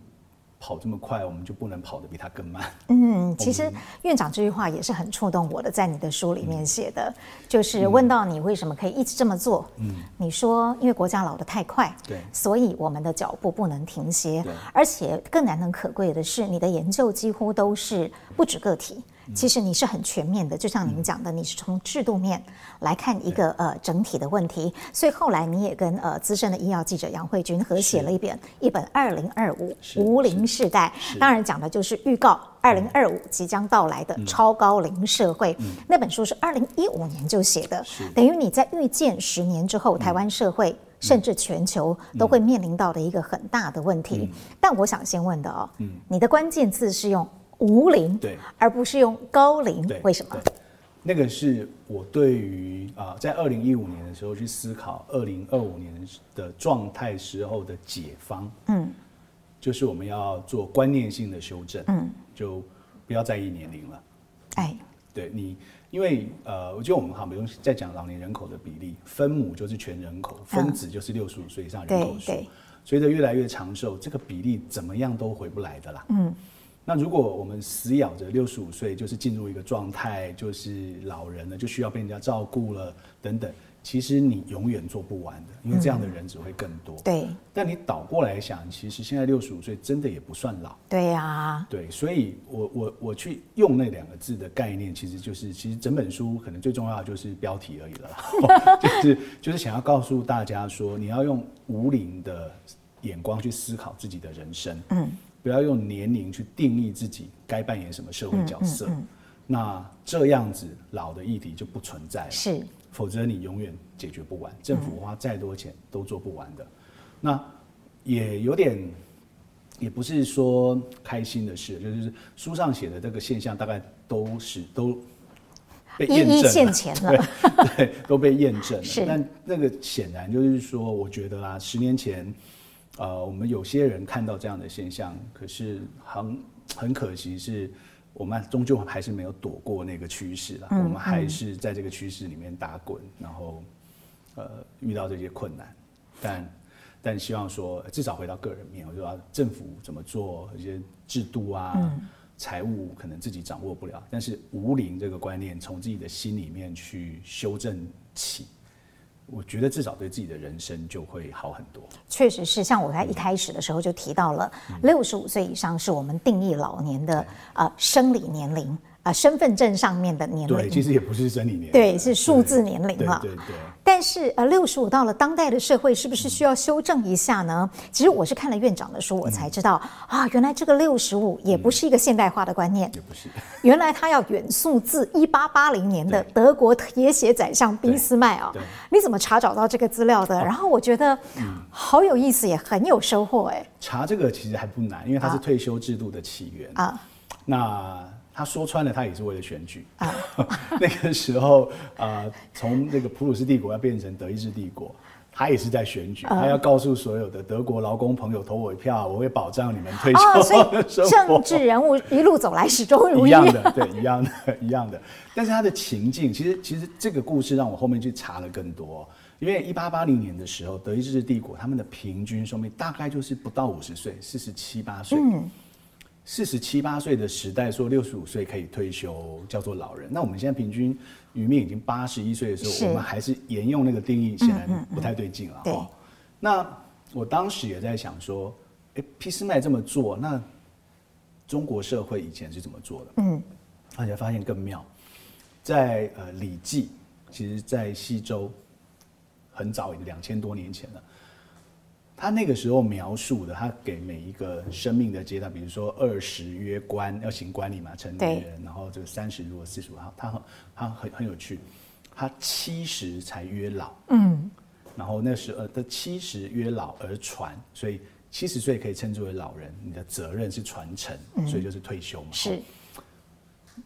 跑這麼快，我們就不能跑得比他更慢。嗯，其實院長這句話也是很觸動我的，在你的書裡面寫的、嗯，就是問到你為什麼可以一直這麼做？嗯，你說因為國家老得太快，對、嗯，所以我們的腳步不能停歇。而且更難能可貴的是，你的研究幾乎都是不止個體。其實你是很全面的，就像您講的、嗯，你是從制度面來看一個、嗯、呃整體的問題。所以後來你也跟呃資深的醫藥記者楊慧君合寫了一本一本《二零二五無齡世代》，當然講的就是預告二零二五即將到來的超高齡社會。嗯、那本書是二零一五年就寫的、嗯，等於你在預見十年之後，台灣社會、嗯、甚至全球都會面臨到的一個很大的問題。嗯、但我想先問的哦，嗯、你的關鍵字是用。無齡，對，而不是用高齡，對，為什麼？那個是我對於啊、呃，在二零一五年的時候去思考二零二五年的狀態時候的解方，嗯，就是我們要做觀念性的修正，嗯，就不要在意年齡了，哎，對你，因為呃，我覺得我們好像不用再講老年人口的比例，分母就是全人口，分子就是六十五歲以上人口數、嗯對對，隨着越來越長壽，這個比例怎麼樣都回不來的啦，嗯。那如果我們死咬着六十五歲就是進入一個狀態，就是老人呢，就需要被人家照顧了等等，其實你永遠做不完的，因為這樣的人只會更多。嗯、對。但你倒過來想，其實現在六十五歲真的也不算老。對呀、啊。對，所以我，我我我去用那兩個字的概念，其實就是，其實整本書可能最重要的就是標題而已了， *laughs* 就是就是想要告訴大家說，你要用無齡的眼光去思考自己的人生。嗯。不要用年齡去定義自己該扮演什麼社會角色，嗯嗯嗯，那這樣子老的議題就不存在了。是，否則你永遠解決不完，政府花再多錢都做不完的。嗯，那也有點，也不是說開心的事，就是書上寫的這個現象，大概都是都被驗證了，一一現前了。對，對，都被驗證了。是，但那個顯然就是說，我覺得啊，十年前。呃，我們有些人看到這樣的現象，可是很很可惜，是我們終究還是沒有躲過那個趨勢啦。我們還是在這個趨勢裡面打滾、嗯，然後呃遇到這些困難，但但希望說，至少回到個人面，我就說政府怎麼做，一些制度啊，財、嗯、務可能自己掌握不了，但是“無齡”這個觀念從自己的心裡面去修正起。我覺得至少對自己的人生就會好很多。確實是，像我在一開始的時候就提到了，六十五歲以上是我們定義老年的啊、呃、生理年齡。啊，身份證上面的年齡其實也不是生理年齡，對，對，是數字年齡了。對對，對，對。但是呃，六十五到了當代的社會，是不是需要修正一下呢？其實我是看了院長的書，我才知道、嗯、啊，原來這個六十五也不是一個現代化的觀念，嗯、也不是。原來他要遠溯自一八八零年的德國鐵血宰相俾斯麥啊、哦！你怎麼查找到這個資料的？哦、然後我覺得、嗯，好有意思，也很有收穫哎、欸。查這個其實還不難，因為它是退休制度的起源啊，啊。那。他說穿了，他也是為了選舉。那個時候，呃，從這個普魯士帝國要變成德意志帝國，他也是在選舉，他要告訴所有的德國勞工朋友，投我一票，我會保障你們退休的生活。所以，政治人物一路走來，始終如一。一樣的，對，一樣的，一樣的。但是他的情境，其實，其實這個故事讓我後面去查了更多。因為一八八零年的時候，德意志帝國他們的平均壽命大概就是不到五十歲，四十七八歲。四十七八歲的時代，說六十五歲可以退休叫做老人，那我們現在平均餘命已經八十一歲的時候，我們還是沿用那個定義，顯然不太對勁了。哦、嗯嗯喔，那我當時也在想說，哎、欸，俾斯麥這麼做，那中國社會以前是怎麼做的？嗯。而且發現更妙，在呃《禮記》，其實，在西周，很早，已經兩千多年前了。他那個時候描述的，他給每一個生命的階段，比如說二十曰冠，要行冠禮嘛，成年人對。然後這個三十，如果四十，他他很很有趣，他七十才曰老。嗯，然後那時候的七十曰老而傳，所以七十歲可以稱之為老人，你的責任是傳承，所以就是退休嘛。嗯、是，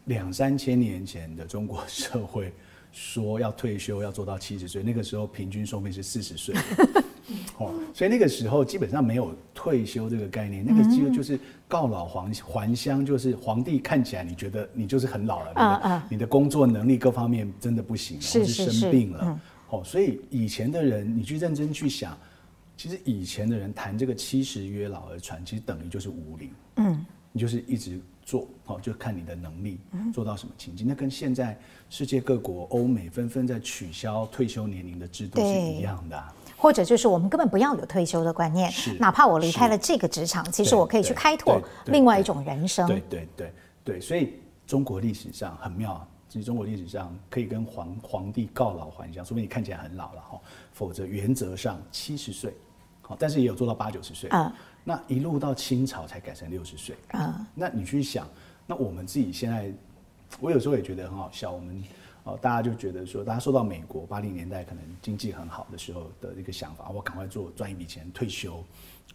兩三千年前的中國社會。說要退休要做到七十歲，那個時候平均壽命是四十歲。 *laughs* 哦，所以那個時候基本上沒有退休這個概念，嗯、那個其實，就是告老黃，還還鄉，就是皇帝看起來你覺得你就是很老了，啊、你的、啊、你的工作能力各方面真的不行，或、啊、是生病了，是是是，哦，所以以前的人你去認真去想，嗯、其實以前的人談這個七十曰老而傳，其實等於就是無齡，嗯，你就是一直。做好就看你的能力做到什麼情景、嗯、那跟現在世界各國歐美紛紛在取消退休年齡的制度是一樣的、啊。或者就是我們根本不要有退休的觀念，哪怕我離開了這個職場，其實我可以去開拓另外一種人生。對對對對,對,對，所以中國歷史上很妙，其實中國歷史上可以跟皇皇帝告老還鄉，說明你看起來很老了哈。否則原則上七十歲，好，但是也有做到八九十歲嗯。那一路到清朝才改成六十歲啊。Uh. 那你去想，那我們自己現在，我有時候也覺得很好笑。我們哦，大家就覺得說，大家說到美國八零年代可能經濟很好的時候的一個想法，啊，我趕快做賺一筆錢退休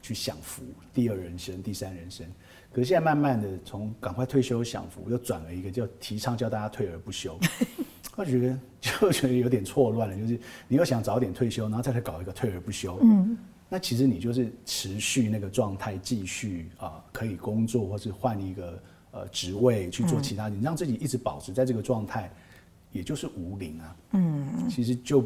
去享福，第二人生、第三人生。可是現在慢慢的從趕快退休享福，又轉了一個叫提倡叫大家退而不休， *laughs* 我覺得就覺得有點錯亂了，就是你又想早點退休，然後再來搞一個退而不休，嗯。那其實你就是持續那個狀態，繼續啊、呃，可以工作，或是換一個呃職位去做其他、嗯，你讓自己一直保持在這個狀態，也就是無齡啊。嗯，其實就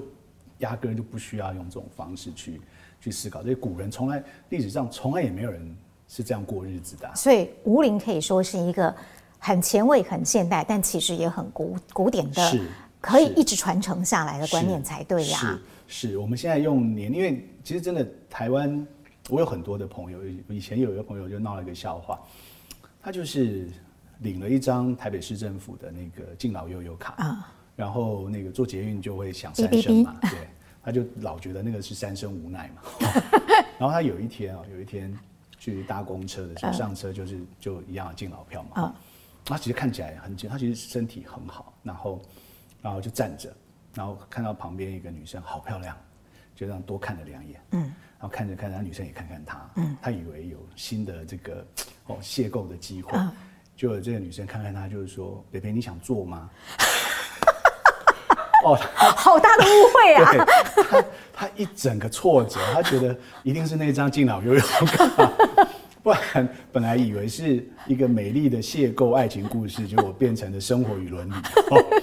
壓根就不需要用這種方式去去思考，因為古人從來歷史上從來也沒有人是這樣過日子的、啊。所以無齡可以說是一個很前衛、很現代，但其實也很古古典的是是，可以一直傳承下來的觀念才對呀、啊。是，是，是，是我們現在用年，因為。其實真的，台灣我有很多的朋友，以前有一個朋友就鬧了一個笑話，他就是領了一張台北市政府的那個敬老悠遊卡，oh. 然後那個坐捷運就會響三聲嘛， *laughs* 對，他就老覺得那個是三聲無奈嘛， *laughs* *laughs* 然後他有一天啊，有一天去搭公車的時候，上車就是就一樣的敬老票嘛，oh. 他其實看起來很健，他其實身體很好，然後然後就站着，然後看到旁邊一個女生好漂亮。就這樣多看了兩眼，嗯，然後看着看着，女生也看看他，他、嗯、以為有新的這個哦邂逅的機會，嗯、就這個女生看看他，就是說，北、嗯、北你想做嗎？ *laughs* 哦好，好大的誤會啊！他一整個挫折，他覺得一定是那張敬老游泳卡，不然本來以為是一個美麗的邂逅愛情故事，結果變成了生活與倫理。哦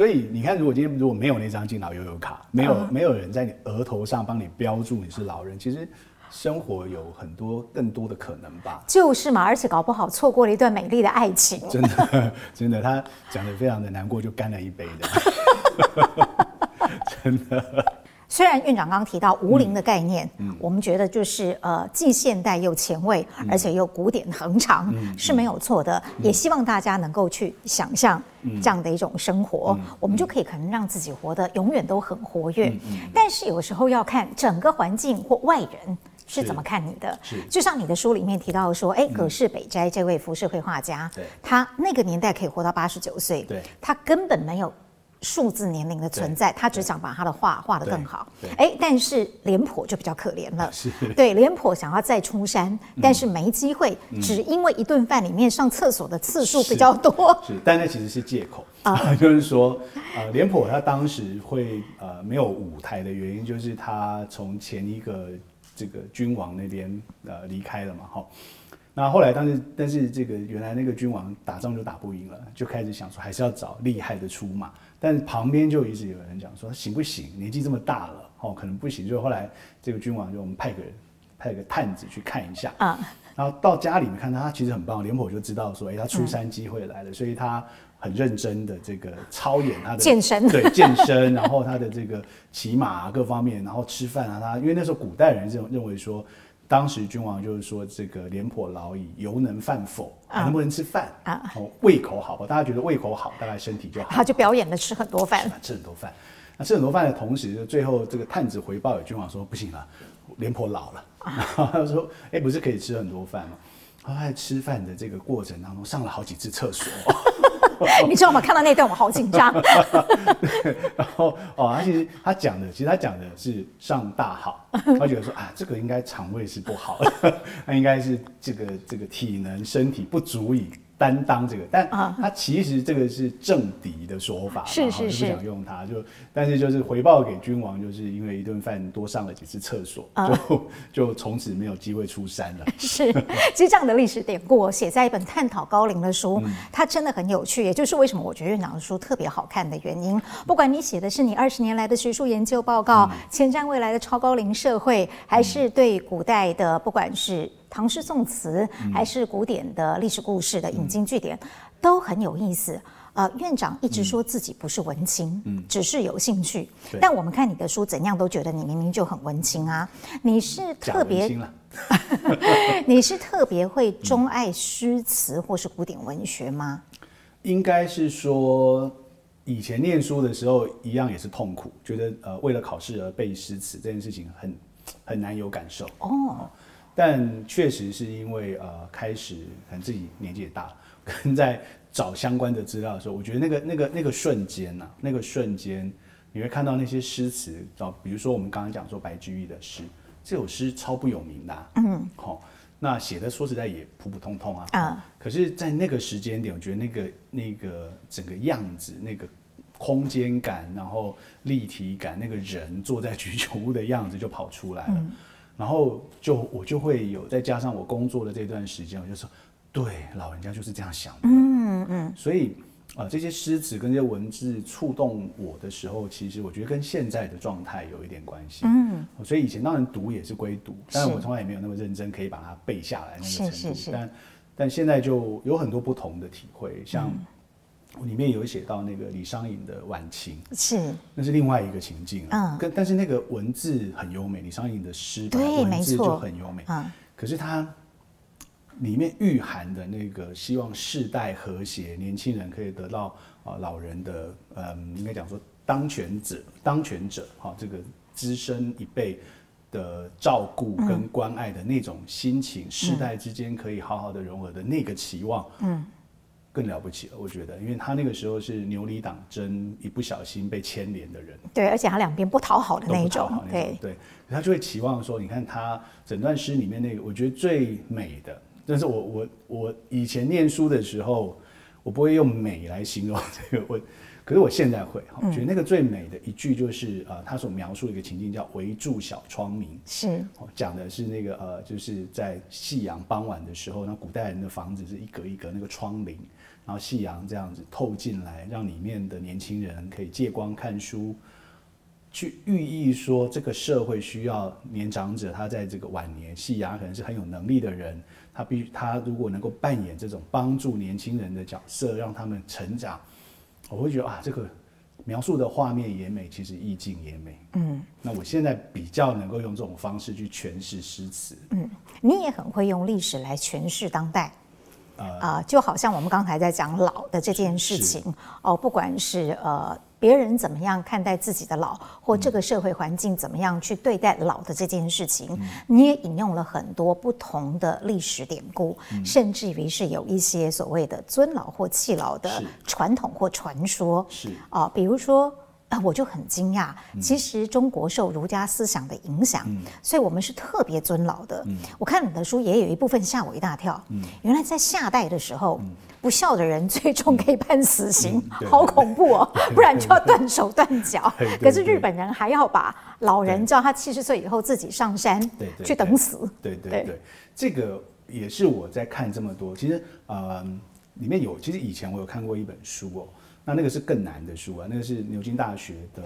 所以你看，如果今天如果沒有那張敬老悠遊卡，沒有沒有人在你額頭上幫你標註你是老人，其實生活有很多更多的可能吧。就是嘛，而且搞不好錯過了一段美麗的愛情。 *laughs* 真的，真的，他講得非常的難過，就乾了一杯的， *laughs* 真的。雖然院長剛剛提到“無齡的概念，嗯嗯，我們覺得就是呃，既現代又前衛，嗯，而且又古典恆長，嗯嗯，是沒有錯的，嗯。也希望大家能夠去想象這樣的一種生活，嗯嗯，我們就可以可能讓自己活得永遠都很活躍，嗯嗯嗯。但是有時候要看整個環境或外人是怎麼看你的。就像你的書裡面提到說，誒、欸、葛飾北齋這位浮世繪畫家，嗯，他那個年代可以活到八十九歲，他根本沒有數字年齡的存在，他只想把他的畫畫得更好。哎、欸，但是廉頗就比較可憐了是。對，廉頗想要再出山，嗯、但是沒機會、嗯，只因為一頓飯裡面上廁所的次數比較多是。是，但那其實是借口啊。就是說，廉、呃、頗他當時會呃沒有舞台的原因，就是他從前一個這個君王那邊呃離開了嘛。哈，那後，後來當時但是這個原來那個君王打仗就打不贏了，就開始想說還是要找厲害的出馬。但是旁邊就一直有人講說行不行？年紀這麼大了，哦，可能不行。就後來這個君王就我們派個人派個探子去看一下，啊，然後到家裡面看他，他其實很棒，廉頗就知道說，哎、欸，他出山機會來了、嗯，所以他很認真的這個操演他的健身，對健身，然後他的這個騎馬各方面，然後吃飯啊，他因為那時候古代人認認為說。當時君王就是說，這個廉頗老矣，猶能飯否？能不能吃飯、嗯、啊？胃口好不？大家覺得胃口好，大概身體就好。他就表演了吃很多飯，吃很多飯。那吃很多飯的同時，最後這個探子回報有君王說，不行了，廉頗老了。啊、然後他說，哎、欸，不是可以吃很多飯嗎？他，他在吃飯的這個過程當中，上了好幾次廁所。 *laughs* 你知道嗎？看到那段我好緊張。 *laughs* 然後哦，他其實他講的，其實他講的是上大號。他 *laughs* 覺得說啊，這個應該腸胃是不好的，那應該是這個這個體能身體不足以。擔當這個，但他其實這個是政敵的說法，是是是，不想用他就，但是就是回報給君王，就是因為一頓飯多上了幾次廁所，就、啊、就從此沒有機會出山了。是，其實這樣的歷史典故寫在一本探討高齡的書，嗯、它真的很有趣，也就是為什麼我覺得院長的書特別好看的原因。不管你寫的是你二十年來的學術研究報告，嗯、前瞻未來的超高齡社會，還是對古代的，不管是。唐詩宋詞還是古典的歷史故事的引經據典、嗯，都很有意思。呃，院長一直說自己不是文青，嗯，只是有興趣。嗯、但我們看你的書，怎樣都覺得你明明就很文青啊！你是特別， *laughs* *laughs* 你是特別會鍾愛詩詞或是古典文學嗎？應該是說，以前念書的時候一樣也是痛苦，覺得呃，為了考試而背詩詞這件事情很很難有感受哦。但確實是因為呃，開始可能自己年紀也大了，可能在找相關的資料的時候，我覺得那個那個那個瞬間吶，那個瞬間、啊，那個、瞬間你會看到那些詩詞，到比如說我們剛剛講說白居易的詩，這首詩超不有名的、啊、嗯，好、哦，那寫的說實在也普普通通啊，啊、嗯，可是，在那個時間點，我覺得那個那個整個樣子，那個空間感，然後立體感，那個人坐在居酒屋的樣子就跑出來了。嗯然後就我就會有，再加上我工作的這段時間，我就說，對老人家就是這樣想的，嗯嗯，所以啊、呃、這些詩詞跟這些文字觸動我的時候，其實我覺得跟現在的狀態有一點關係，嗯，所以以前當然讀也是歸讀，但是我從來也沒有那麼認真可以把它背下來那個程度，是是是，但但現在就有很多不同的體會，像。裡面有寫到那個李商隱的晚晴，是，那是另外一個情境，嗯，但但是那個文字很優美，李商隱的詩，對，文字就很優美。嗯，可是它裡面蘊含的那個希望世代和諧、嗯，年輕人可以得到啊老人的，嗯，應該講說當權者，當權者，哈、哦，這個資深一輩的照顧跟關愛的那種心情，嗯、世代之間可以好好的融合的那個期望，嗯。嗯更了不起了，我覺得，因為他那個時候是牛李黨爭一不小心被牽連的人，對，而且他兩邊不討好的那一種，一種對，對，他就會期望說，你看他整段詩裡面那個，我覺得最美的，但是我我我以前念書的時候，我不會用美來形容這個，我，可是我現在會，哈，覺得那個最美的一句就是，嗯、呃，他所描述的一個情境叫微注小窗明，是，講的是那個，呃，就是在夕陽傍晚的時候，那古代人的房子是一格一格那個窗欞。然後夕陽這樣子透進來，讓裡面的年輕人可以借光看書，去寓意說這個社會需要年長者，他在這個晚年，夕陽可能是很有能力的人，他必他如果能夠扮演這種幫助年輕人的角色，讓他們成長，我會覺得啊，這個描述的畫面也美，其實意境也美。嗯，那我現在比較能夠用這種方式去詮釋詩詞。嗯，你也很會用歷史來詮釋當代。啊、呃，就好像我們剛才在講老的這件事情哦，不管是呃別人怎麼樣看待自己的老，或這個社會環境怎麼樣去對待老的這件事情，嗯、你也引用了很多不同的歷史典故、嗯，甚至於是有一些所謂的尊老或棄老的傳統或傳說，是啊、呃，比如說。啊，我就很驚訝。其實中國受儒家思想的影響，所以我們是特別尊老的。我看你的書也有一部分嚇我一大跳。原來在夏代的時候，不孝的人最終可以判死刑，好恐怖哦！不然就要斷手斷腳。可是日本人還要把老人叫他七十歲以後自己上山去等死。對對對，這個也是我在看這麼多。其實呃，裡面有其實以前我有看過一本書哦。那那個是更難的書啊，那個是牛津大學的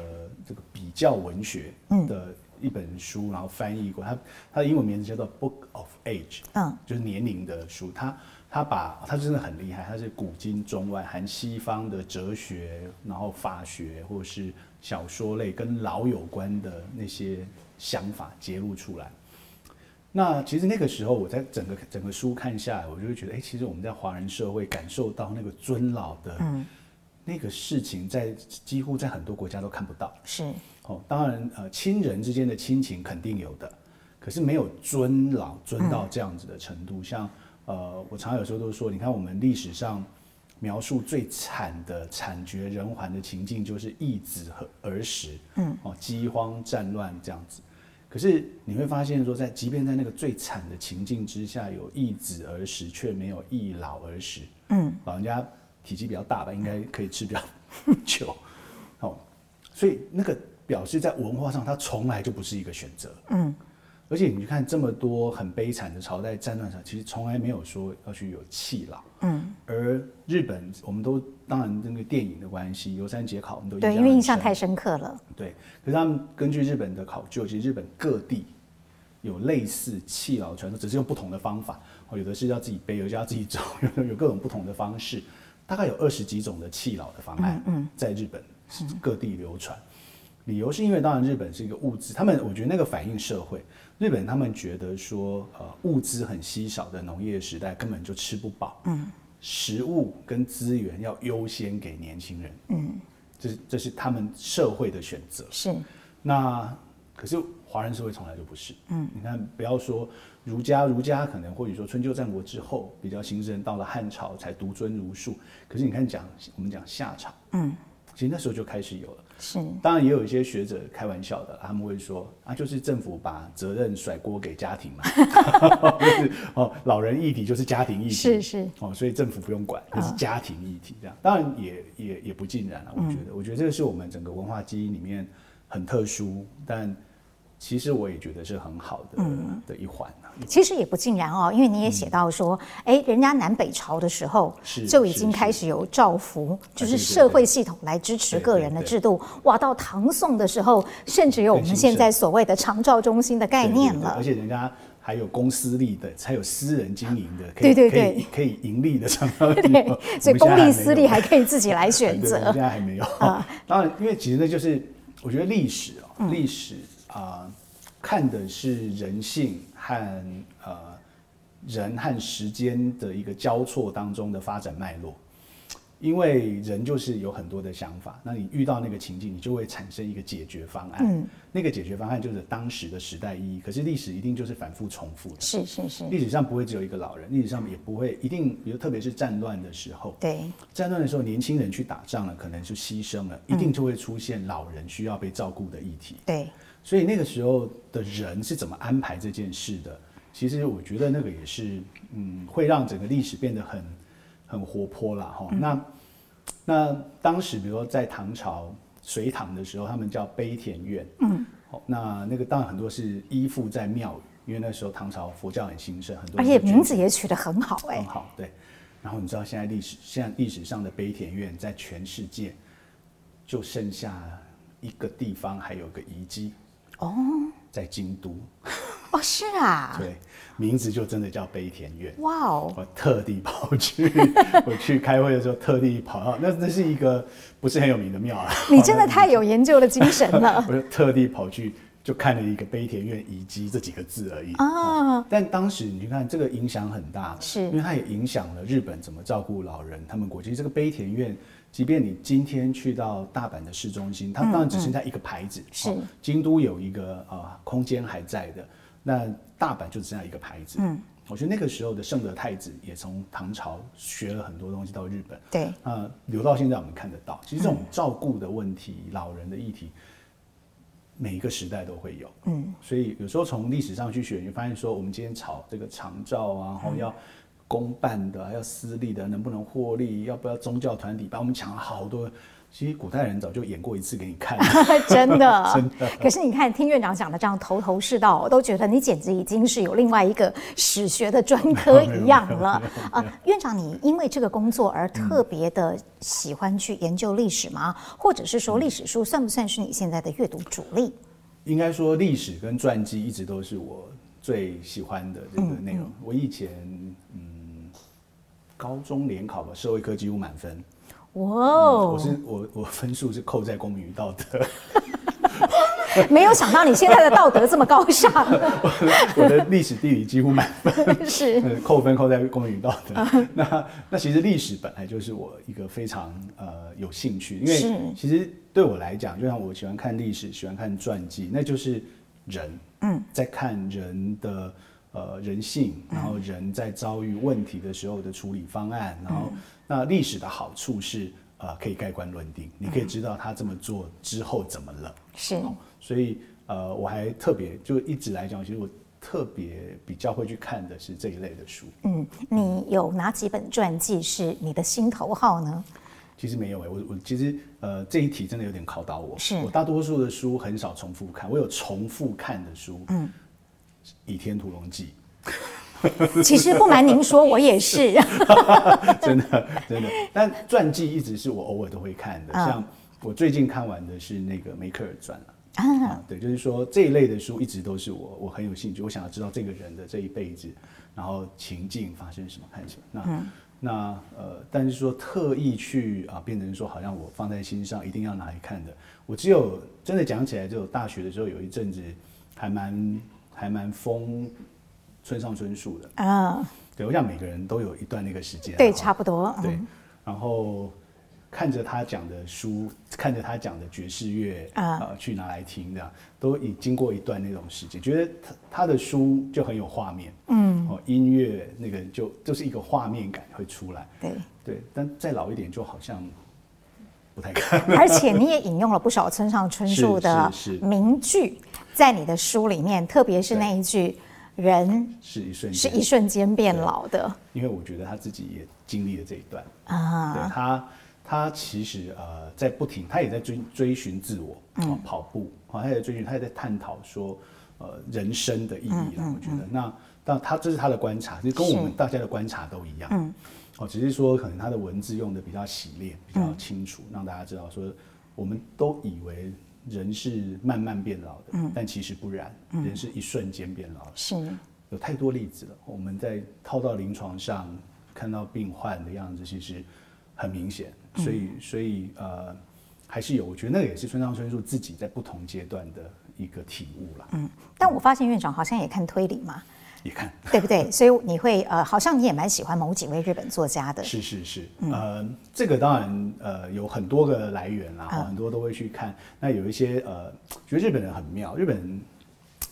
這個比較文學的一本書，嗯、然後翻譯過，它它的英文名字叫做《Book of Age》，嗯，就是年齡的書。他他把他真的很厲害，他是古今中外含西方的哲學，然後法學或是小說類跟老有關的那些想法揭露出來。那其實那個時候我在整個整個書看下來，我就會覺得，哎、欸，其實我們在華人社會感受到那個尊老的、嗯。那個事情在幾乎在很多國家都看不到，是哦，當然呃，親人之間的親情肯定有的，可是沒有尊老尊到這樣子的程度。嗯、像呃，我常有時候都說，你看我們歷史上描述最慘的慘絕人寰的情境，就是易子而食，嗯哦，飢荒戰亂這樣子。可是你會發現說在，在即便在那個最慘的情境之下，有易子而食，卻沒有易老而食，嗯，老人家。體積比較大吧，應該可以吃比較久。好、 *laughs* 哦，所以那個表示在文化上，它從來就不是一個選擇。嗯。而且你去看這麼多很悲慘的朝代戰亂上，其實從來沒有說要去有棄老。嗯。而日本，我們都當然那個電影的關係，《楢山節考》我們都因為，印象太深刻了。對。可是他們根據日本的考究，其實日本各地有類似棄老傳說，只是用不同的方法。哦，有的是要自己背，有的是要自己走，有走有各種不同的方式。大概有二十幾種的棄老的方案，在日本各地流傳。理由是因為，當然日本是一個物資，他們我覺得那個反映社會，日本他們覺得說，呃，物資很稀少的農業時代根本就吃不飽，食物跟資源要優先給年輕人，嗯，這是這是他們社會的選擇。是。那可是華人社會從來就不是，嗯，你看，不要說。儒家，家，儒家，可能或者說春秋戰國之後比較興盛，到了漢朝才獨尊儒術。可是你看講，講我們講夏朝，嗯，其實那時候就開始有了。是，當然也有一些學者開玩笑的，他們會說啊，就是政府把責任甩鍋給家庭嘛，哈哈哈哈，就是，哦，老人議題就是家庭議題，是是。哦，所以政府不用管，這、就是家庭議題，這樣。當然也也也不盡然了、啊，我覺得，嗯、我覺得這個是我們整個文化基因裡面很特殊，但。其實我也覺得是很好的，嗯，的一環呢、啊嗯。其實也不盡然哦、喔，因為你也寫到說，哎、嗯欸，人家南北朝的時候是就已經開始有照服，就是社會系統來支持個人的制度。對對對哇，到唐宋的時候，對對對甚至有我們現在所謂的長照中心的概念了。對對對對而且人家還有公私立的，才有私人經營的，可以對對對可以可以盈利的長照對，對，對，所以公立私立還可以自己來選擇。啊、現在還沒有。啊、當然，因為其實那就是我覺得歷史哦、喔，歷、嗯、史。啊、呃，看的是人性和呃人和時間的一個交錯當中的發展脈絡，因為人就是有很多的想法，那你遇到那個情境，你就會產生一個解決方案。嗯，那個解決方案就是當時的時代意義，可是歷史一定就是反覆重複的。是是是，歷史上不會只有一個老人，歷史上也不會一定，比如特別是戰亂的時候，對，戰亂的時候年輕人去打仗了，可能就犧牲了，一定就會出現老人需要被照顧的議題。對。所以那個時候的人是怎麼安排這件事的？其實我覺得那個也是，嗯，會讓整個歷史變得很很活潑了哈。那那當時，比如說在唐朝、隋唐的時候，他們叫悲田院。嗯。哦，那那個當然很多是依附在廟宇，因為那時候唐朝佛教很興盛，很多人。而且名字也取得很好、欸，哎、嗯。很好，對。然後你知道現，現在歷史現在歷史上的悲田院，在全世界就剩下一個地方，還有個遺跡。哦、oh.，在京都，哦、oh, 是啊，對，名字就真的叫悲田院。哇哦！我特地跑去，我去開會的時候特地跑到那，那是一個不是很有名的廟啊。你真的太有研究的精神了。 *laughs* 我就特地跑去就看了一個悲田院遺跡這幾個字而已啊、oh. 嗯。但當時你去看，這個影響很大，是因為它也影響了日本怎麼照顧老人，他們國際這個悲田院。即便你今天去到大阪的市中心，它當然只剩下一個牌子。嗯嗯哦、是，京都有一個啊、呃、空間還在的，那大阪就只剩下一個牌子。嗯，我覺得那個時候的聖德太子也從唐朝學了很多東西到日本。對，啊、呃，留到現在我們看得到。其實這種照顧的問題、嗯，老人的議題，每一個時代都會有。嗯，所以有時候從歷史上去學，你發現說，我們今天炒這個長照啊，嗯、然後要。公辦的要私立的，能不能獲利？要不要宗教團體把我們搶了好多？其實古代人早就演過一次給你看了 *laughs* 真的真的。可是你看，聽院長講的這樣頭頭是道，我都覺得你簡直已經是有另外一個史學的專科一樣了啊、呃！院長，你因為這個工作而特別的喜歡去研究歷史嗎、嗯？或者是說，歷史書算不算是你現在的閱讀主力？應該說，歷史跟傳記一直都是我最喜歡的這個內容、嗯。我以前。高中聯考吧，社會科幾乎滿分。哇！我是我我分數是扣在公民與道德 *laughs* 。 *laughs* 沒有想到你現在的道德這麼高尚 *laughs* 我，我的歷史地理幾乎滿分。 *laughs* 是、嗯、扣分扣在公民與道德、啊。那那其實歷史本來就是我一個非常、呃、有興趣，因為其實對我來講，就像我喜歡看歷史，喜歡看傳記，那就是人，嗯，在看人的。呃，人性，然後人在遭遇問題的時候的處理方案，嗯、然後那歷史的好處是，呃，可以蓋棺論定、嗯，你可以知道他這麼做之後怎麼了。是，嗯、所以呃，我還特別就一直來講，其實我特別比較會去看的是這一類的書。嗯，你有哪幾本傳記是你的心頭好呢？其實沒有哎、欸，我我其實呃，這一題真的有點考倒我。是，我大多數的書很少重複看，我有重複看的書。嗯。《倚天屠龍記》，其實不瞞您說，我也是 *laughs* *laughs* 真的真的。但傳記一直是我偶爾都會看的，像我最近看完的是那個梅克爾傳了啊，啊。對，就是說，這一類的書一直都是我我很有興趣，我想要知道這個人的這一輩子，然後情境發生什麼，看什麼。那那呃，但是說特意去啊，變成說好像我放在心上，一定要拿來看的，我只有真的講起來，就大學的時候有一陣子還蠻。還蠻瘋村上春樹的啊，對，我想每個人都有一段那個時間，對，差不多。對，然後看着他講的書，看着他講的爵士樂啊，去拿來聽的，都已經過一段那種時間，覺得他他的書就很有畫面，嗯，哦，音樂那個就就是一個畫面感會出來，對對，但再老一點就好像不太看。而且你也引用了不少村上春樹的名句。在你的書裡面，特別是那一句“人是一瞬間是一瞬間變老的”，因為我覺得他自己也經歷了這一段啊、uh -huh.。他他其實呃在不停，他也在追追尋自我、嗯、跑步啊，他在追尋，他也在探討說、呃、人生的意義了。嗯、我覺得、嗯嗯、那但他這、就是他的觀察，其實跟我們大家的觀察都一樣。哦、嗯，只是說可能他的文字用的比較洗練，比較清楚、嗯，讓大家知道說我們都以為。人是慢慢變老的，嗯、但其實不然，嗯、人是一瞬間變老的，是，有太多例子了。我們在套到臨床上看到病患的樣子，其實很明顯，所以、嗯、所以呃，還是有。我覺得那個也是村上春樹自己在不同階段的一個體悟了。嗯，但我發現院長好像也看推理嘛。你看對不對？ *laughs* 所以你會呃，好像你也蠻喜歡某幾位日本作家的。是是是，嗯、呃，這個當然呃有很多個來源啦、嗯，很多都會去看。那有一些呃，覺得日本人很妙，日本人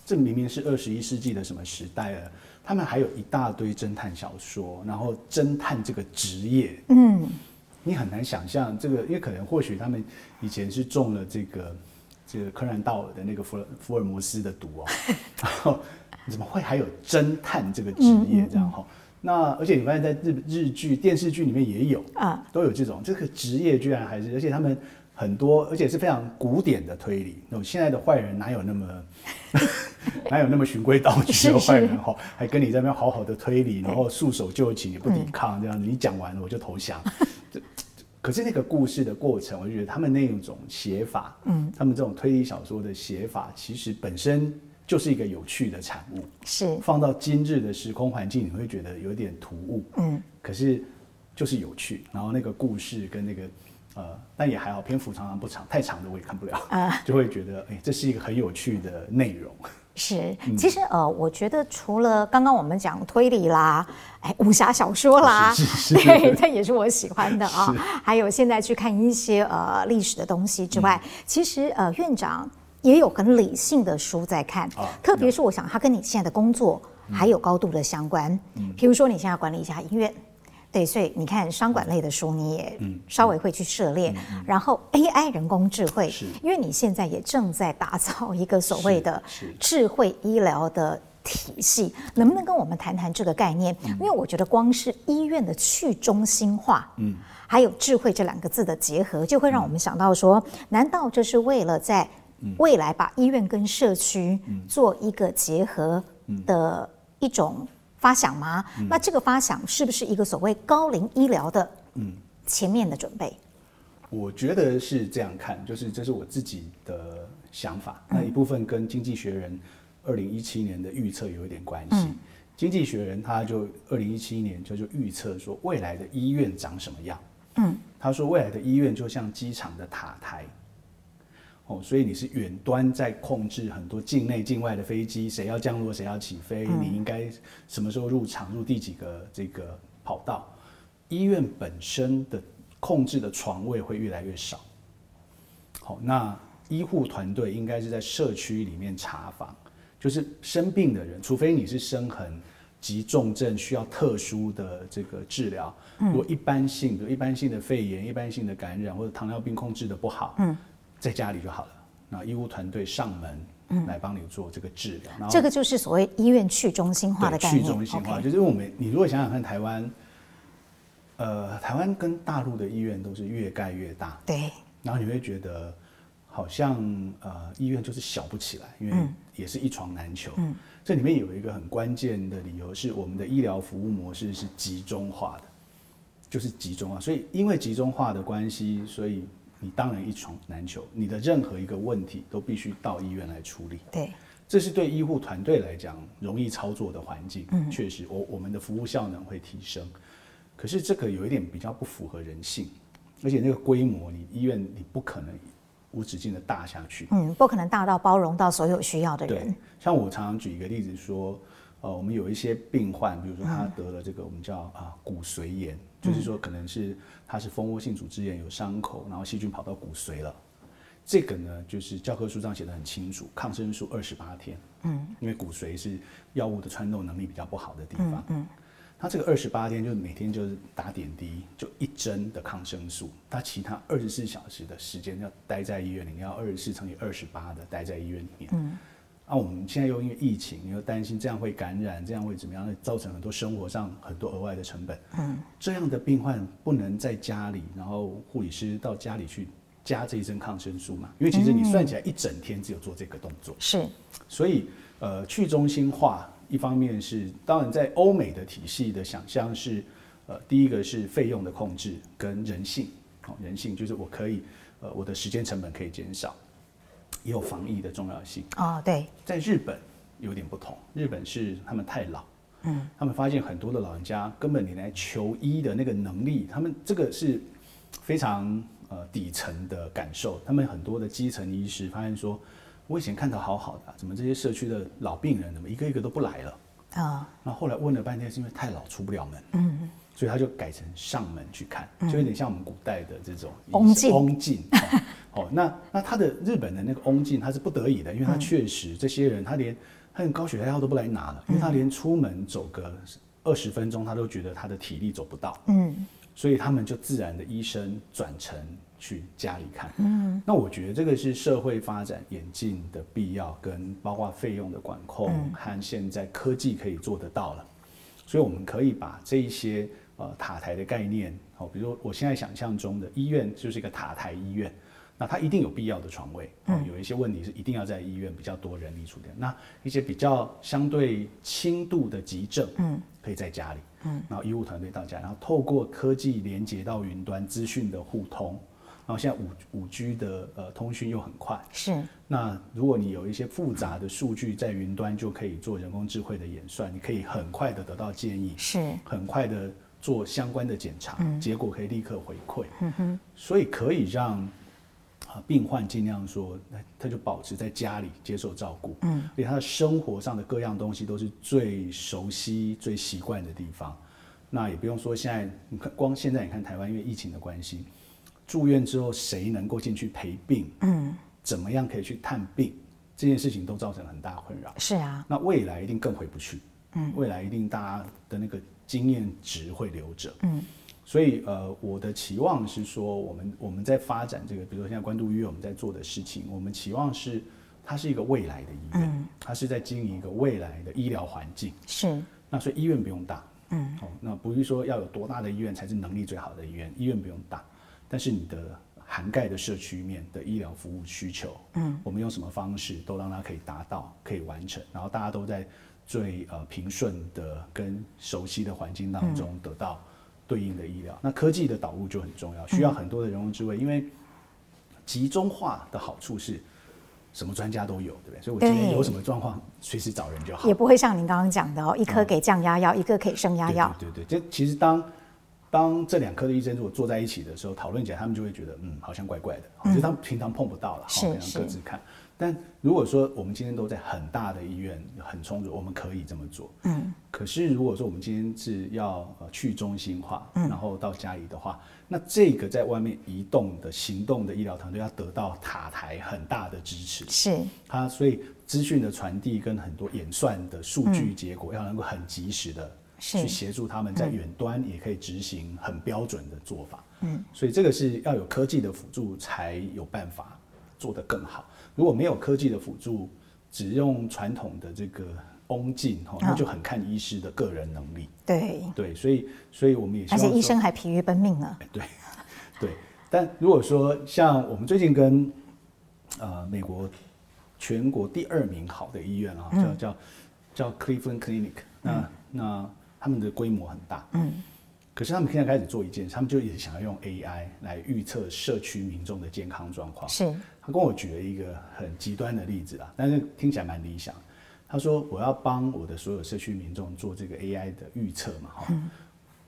這明明是二十一世紀的什麼時代了，他們還有一大堆偵探小說，然後偵探這個職業，嗯，你很難想象這個，因為可能或許他們以前是中了這個。這、就是柯南道爾的那個福福爾摩斯的毒哦，然後怎麼會還有偵探這個職業這樣哈、哦？那而且你發現，在日日劇電視劇裡面也有啊，都有這種這個職業居然還是，而且他們很多，而且是非常古典的推理。那現在的壞人哪有那麼哪有那麼循規蹈矩的壞人哈、哦？還跟你在那邊好好的推理，然後束手就擒也不抵抗這樣子，你講完了我就投降。可是那個故事的過程，我覺得他們那種寫法，嗯，他們這種推理小說的寫法，其實本身就是一個有趣的產物。是。放到今日的時空環境，你會覺得有點突兀，嗯。可是就是有趣，然後那個故事跟那個，呃，但也還好，篇幅常常不長，太長的我也看不了，啊、就會覺得哎、欸，這是一個很有趣的內容。是，其實、嗯、呃，我覺得除了剛剛我們講推理啦，哎，武俠小說啦，是是是對，它也是我喜歡的啊、哦。還有現在去看一些呃歷史的東西之外，嗯、其實呃院長也有很理性的書在看、哦，特別是我想他跟你現在的工作還有高度的相關。嗯、比如說你現在管理一下醫院。對，所以你看商管類的書，你也稍微會去涉獵。嗯、然後 AI 人工智慧是，因為你現在也正在打造一個所謂的智慧醫療的體系，能不能跟我們談談這個概念、嗯？因為我覺得光是醫院的去中心化，嗯，還有“智慧”這兩個字的結合，就會讓我們想到說、嗯，難道這是為了在未來把醫院跟社區做一個結合的一種？發想嗎？嗯，那這個發想是不是一個所謂高齡醫療的前面的準備？我覺得是這樣看，就是這是我自己的想法。嗯，那一部分跟《經濟學人》二零一七年的預測有一點關係。嗯，《經濟學人》他就二零一七年就就預測說未來的醫院長什麼樣。嗯，他說未來的醫院就像機場的塔台。所以你是遠端在控制很多境內境外的飛機，誰要降落，誰要起飛，你應該什麼時候入場入第幾個這個跑道？醫院本身的控制的床位會越來越少。好，那醫護團隊應該是在社區裡面查房，就是生病的人，除非你是生很急重症需要特殊的這個治療，如果一般性的、一般性的肺炎、一般性的感染或者糖尿病控制的不好，嗯。在家裡就好了。那醫務團隊上門來幫你做這個治療。嗯，這個就是所謂醫院去中心化的概念。去中心化、Okay. 就是我們，你如果想想看，台灣，呃，台灣跟大陸的醫院都是越蓋越大，對。然後你會覺得好像呃醫院就是小不起來，因為也是一床難求。嗯，這裡面有一個很關鍵的理由是，我們的醫療服務模式是集中化的，就是集中化。所以因為集中化的關係，所以，你當然一床難求，你的任何一個問題都必須到醫院來處理。對，這是對醫護團隊來講容易操作的環境。嗯，確實，我我們的服務效能會提升，可是這個有一點比較不符合人性，而且那個規模，你醫院你不可能無止境的大下去。嗯，不可能大到包容到所有需要的人。對，像我常常舉一個例子說，呃，我們有一些病患，比如說他得了這個我們叫啊骨髓炎。嗯、就是說，可能是它是蜂窩性組織炎有傷口，然後細菌跑到骨髓了。這個呢，就是教科書上寫得很清楚，抗生素二十八天。嗯，因為骨髓是藥物的穿透能力比較不好的地方。嗯，它這個二十八天，就每天就是打點滴，就一針的抗生素。它其他二十四小時的時間要待在醫院裡面，要二十四乘以二十八的待在醫院裡面。嗯。那、啊、我們現在又因為疫情，你又擔心這樣會感染，這樣會怎麼樣？造成很多生活上很多額外的成本。嗯，這樣的病患不能在家裡，然後護理師到家裡去加這一針抗生素嘛？因為其實你算起來一整天只有做這個動作。是、嗯。所以，呃，去中心化，一方面是，當然在歐美的體系的想象是，呃，第一個是費用的控制跟人性、哦，人性就是我可以，呃，我的時間成本可以減少。也有防疫的重要性啊，對，在日本有點不同。日本是他們太老，嗯，他們發現很多的老人家根本你來求醫的那個能力，他們這個是非常呃底層的感受。他們很多的基層醫師發現說，我以前看到好好的，怎麼這些社區的老病人怎麼一個一個都不來了啊？然後後來問了半天，是因為太老出不了門。嗯。所以他就改成上門去看，嗯，就有點像我們古代的這種翁進。翁進、翁進、哦 *laughs* 哦、那，那他的日本的那個翁進他是不得已的，因為他確實這些人，他連他連高血壓藥都不來拿了，嗯，因為他連出門走個二十分鐘，他都覺得他的體力走不到。嗯，所以他們就自然的醫生轉成去家裡看。嗯，那我覺得這個是社會發展演進的必要，跟包括費用的管控，和現在科技可以做得到了。嗯、所以我們可以把這一些。呃，塔台的概念，好、哦，比如我現在想象中的醫院就是一個塔台醫院，那它一定有必要的床位，哦、嗯，有一些問題是一定要在醫院比較多人力處理，那一些比較相對輕度的急症，嗯，可以在家裡，嗯，然後醫務團隊到家，然後透過科技連接到雲端資訊的互通，然後現在五五 G 的呃通訊又很快，是，那如果你有一些複雜的數據在雲端，就可以做人工智慧的演算，你可以很快的得到建議，是，很快的。做相關的檢查，結果可以立刻回饋，所以可以讓病患盡量說，他就保持在家裡接受照顧，嗯，所以他的生活上的各樣東西都是最熟悉、最習慣的地方。那也不用說，現在你看，光現在你看台灣，因為疫情的關係，住院之後誰能夠進去陪病？怎麼樣可以去探病？這件事情都造成了很大困擾。是啊，那未來一定更回不去。未來一定大家的那個。經驗值會留着，嗯，所以呃，我的期望是說，我們我們在發展這個，比如說現在關渡醫院我們在做的事情，我們期望是它是一個未來的醫院，嗯、它是在經營一個未來的醫療環境。是，那所以醫院不用大，嗯，好、哦，那不是說要有多大的醫院才是能力最好的醫院，醫院不用大，但是你的涵蓋的社區面的醫療服務需求，嗯，我們用什麼方式都讓它可以達到，可以完成，然後大家都在。最呃平順的跟熟悉的環境當中得到對應的醫療、嗯，那科技的導入就很重要、嗯，需要很多的人工智慧。因為集中化的好處是什麼？專家都有，對不對？所以我今天有什麼狀況，隨時找人就好。也不會像您剛剛講的哦，一科給降壓藥、嗯，一個給升壓藥。對對對，這其實當當這兩科的醫生如果坐在一起的時候討論起來，他們就會覺得嗯，好像怪怪的。所、嗯、以他們平常碰不到了，好，哦、非常各自看。但如果說我們今天都在很大的醫院很充足，我們可以這麼做。嗯。可是如果說我們今天是要去中心化，嗯，然後到家裡的話，那這個在外面移動的、行動的醫療團隊要得到塔台很大的支持。是。他所以資訊的傳遞跟很多演算的數據結果要能夠很及時的，是去協助他們在遠端也可以執行很標準的做法。嗯。所以這個是要有科技的輔助才有辦法做得更好。如果沒有科技的輔助，只用傳統的這個問診哈、哦，那就很看醫師的個人能力。對對，所以所以我們也而且醫生還疲於奔命呢、欸。對對，但如果說像我們最近跟、呃、美國全國第二名好的醫院啊、哦，叫、嗯、叫叫 Cleveland Clinic，那、嗯、那,那他們的規模很大、嗯，可是他們現在開始做一件事，他們就也想要用 AI 來預測社區民眾的健康狀況。是。他跟我舉了一個很極端的例子啊，但是聽起來蠻理想。他說我要幫我的所有社區民眾做這個 AI 的預測嘛，哈，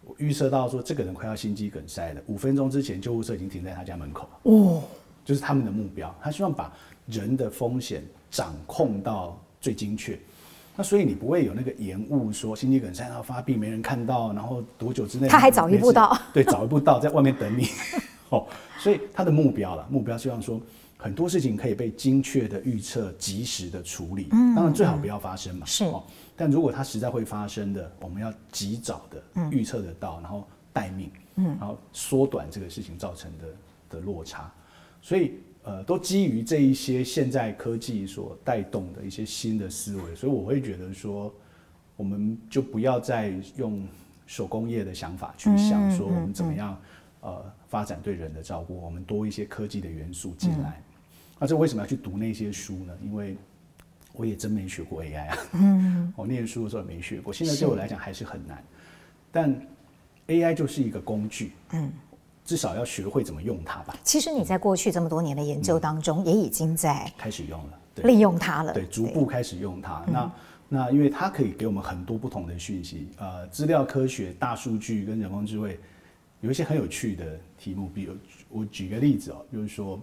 我預測到說這個人快要心肌梗塞了，五分鐘之前救護車已經停在他家門口了。哦，就是他們的目標，他希望把人的風險掌控到最精確。那所以你不會有那個延誤，說心肌梗塞要發病沒人看到，然後多久之內他還早一步到，對，早一步到在外面等你。哦，所以他的目標啦，目標希望說。很多事情可以被精確的預測，及時的處理。嗯，當然最好不要發生嘛。是哦，但如果它實在會發生的，我們要及早的預測得到，然後待命，嗯，然後縮短這個事情造成的的落差。所以，呃，都基於這一些現在科技所帶動的一些新的思維。所以我會覺得說，我們就不要再用手工業的想法去想說我們怎麼樣呃發展對人的照顧，我們多一些科技的元素進來。那、啊、為什麼要去讀那些書呢？因為我也真沒學過 AI 啊。嗯、我念書的時候也沒學過，現在對我來講還是很難是。但 AI 就是一個工具，嗯，至少要學會怎麼用它吧。其實你在過去這麼多年的研究當中，也已經在、嗯、開始用了，嗯、對利用它了對，對，逐步開始用它。那、嗯、那因為它可以給我們很多不同的訊息，呃，資料科學、大數據跟人工智慧有一些很有趣的題目。比如我舉個例子哦，就是說。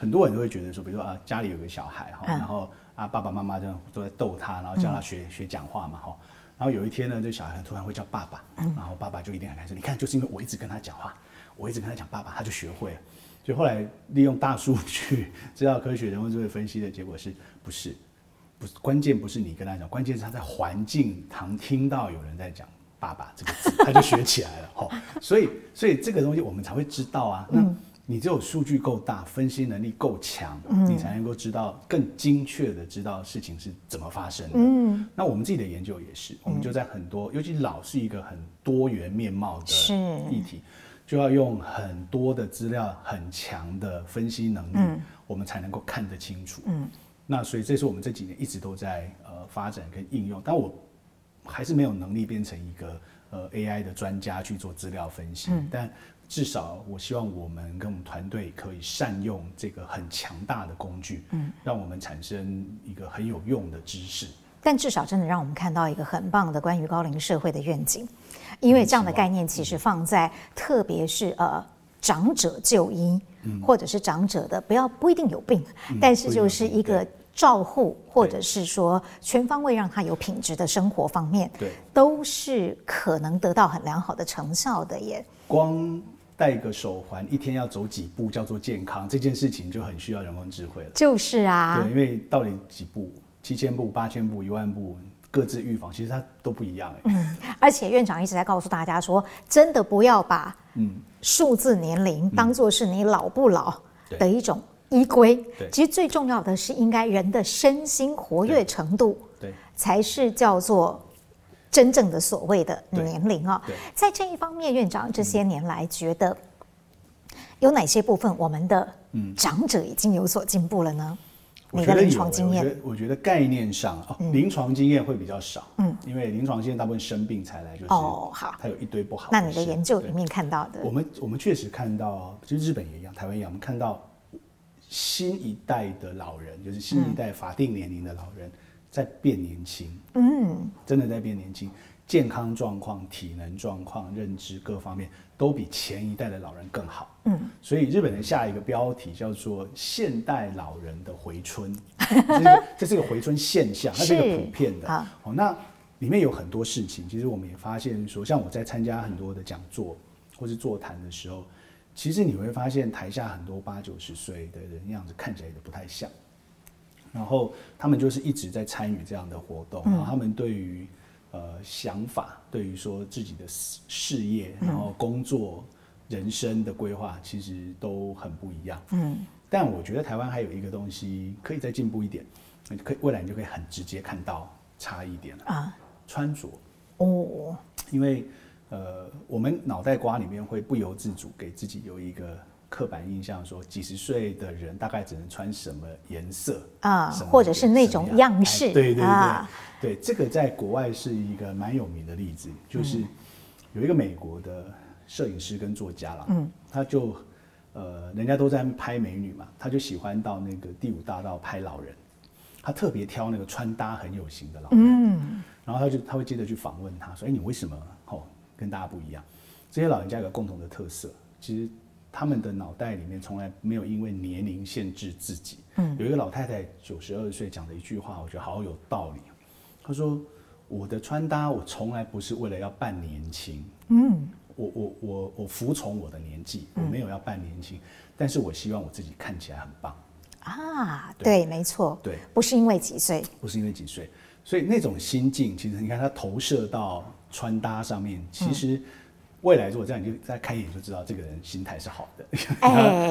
很多人都會覺得說，比如說啊，家裡有個小孩哈、哦，然後啊，爸爸媽媽這樣都在逗他，然後教他學學講話嘛哈、哦。然後有一天呢，這小孩突然會叫爸爸，然後爸爸就一定很開心。你看，就是因為我一直跟他講話，我一直跟他講爸爸，他就學會了。所以後來利用大數據、資料科學、人文社會分析的結果是，不是，不是關鍵不是你跟他講，關鍵是他在環境常聽到有人在講爸爸這個字，他就學起來了哈、哦。所以，所以這個東西我們才會知道啊。嗯你只有數據夠大，分析能力夠強、嗯，你才能夠知道更精確的知道事情是怎麼發生的。嗯、那我們自己的研究也是、嗯，我們就在很多，尤其老是一個很多元面貌的議題，是就要用很多的資料，很強的分析能力，嗯、我們才能夠看得清楚。嗯、那所以這是我們這幾年一直都在呃發展跟應用，但我還是沒有能力變成一個呃 AI 的專家去做資料分析，嗯、但。至少我希望我們跟我們團隊可以善用這個很強大的工具，嗯，讓我們產生一個很有用的知識。但至少真的讓我們看到一個很棒的關於高齡社會的願景，因為這樣的概念其實放在特別是呃長者就醫，嗯，或者是長者的不要不一定有病，嗯，但是就是一個照護或者是說全方位讓他有品質的生活方面，對，都是可能得到很良好的成效的耶。光。戴一個手環，一天要走幾步叫做健康這件事情就很需要人工智慧了。就是啊，對，因為到底幾步，七千步、八千步、一萬步，各自預防，其實它都不一樣。嗯，而且院長一直在告訴大家說，真的不要把數字年齡當做是你老不老的一種依歸。對。其實最重要的是，應該人的身心活躍程度對才是叫做。真正的所謂的年齡啊、哦，在這一方面，院長這些年來覺得有哪些部分我們的長者已經有所進步了呢？你的臨床經驗，我覺得，我覺得概念上啊、嗯哦，臨床經驗會比較少，嗯，因為臨床經驗大部分生病才來，就是哦好，他有一堆不好、哦、好。那你的研究裡面看到的，我們我們確實看到，其實日本也一樣，台灣也一樣，我們看到新一代的老人，就是新一代法定年齡的老人。嗯在變年輕，嗯，真的在變年輕，健康狀況、體能狀況、認知各方面都比前一代的老人更好，嗯，所以日本人下一個標題叫做“現代老人的回春”，這是這是一個回春現象，那是一個普遍的。好，那裡面有很多事情，其實我們也發現說，像我在參加很多的講座或是座談的時候，其實你會發現台下很多八九十歲的人樣子看起來也都不太像。然後他們就是一直在參與這樣的活動，然後他們對於呃想法，對於說自己的事事業，然後工作、人生的規劃，其實都很不一樣。嗯，但我覺得台灣還有一個東西可以再進步一點，可以未來你就可以很直接看到差異點了啊，穿着哦，因為呃，我們腦袋瓜裡面會不由自主給自己有一個。刻板印象說，幾十歲的人大概只能穿什麼顏色啊顏色，或者是那種樣式。哎、對對對，啊、對這個在國外是一個蠻有名的例子，就是有一個美國的攝影師跟作家啦。嗯，他就呃，人家都在拍美女嘛，他就喜歡到那個第五大道拍老人，他特別挑那個穿搭很有型的老人，嗯、然後他就他會接着去訪問他說，哎、欸，你為什麼哦跟大家不一樣？這些老人家有個共同的特色，其實。他們的腦袋裡面從來沒有因為年齡限制自己。嗯，有一個老太太九十二歲講的一句話，我覺得好有道理。她說：“我的穿搭，我從來不是為了要扮年輕。嗯，我我我我服從我的年紀，我沒有要扮年輕，但是我希望我自己看起來很棒。”啊，對，沒錯，對，不是因為幾歲，不是因為幾歲，所以那種心境，其實你看，它投射到穿搭上面，其實。未來如果這樣，你就再看一眼就知道這個人心態是好的、欸。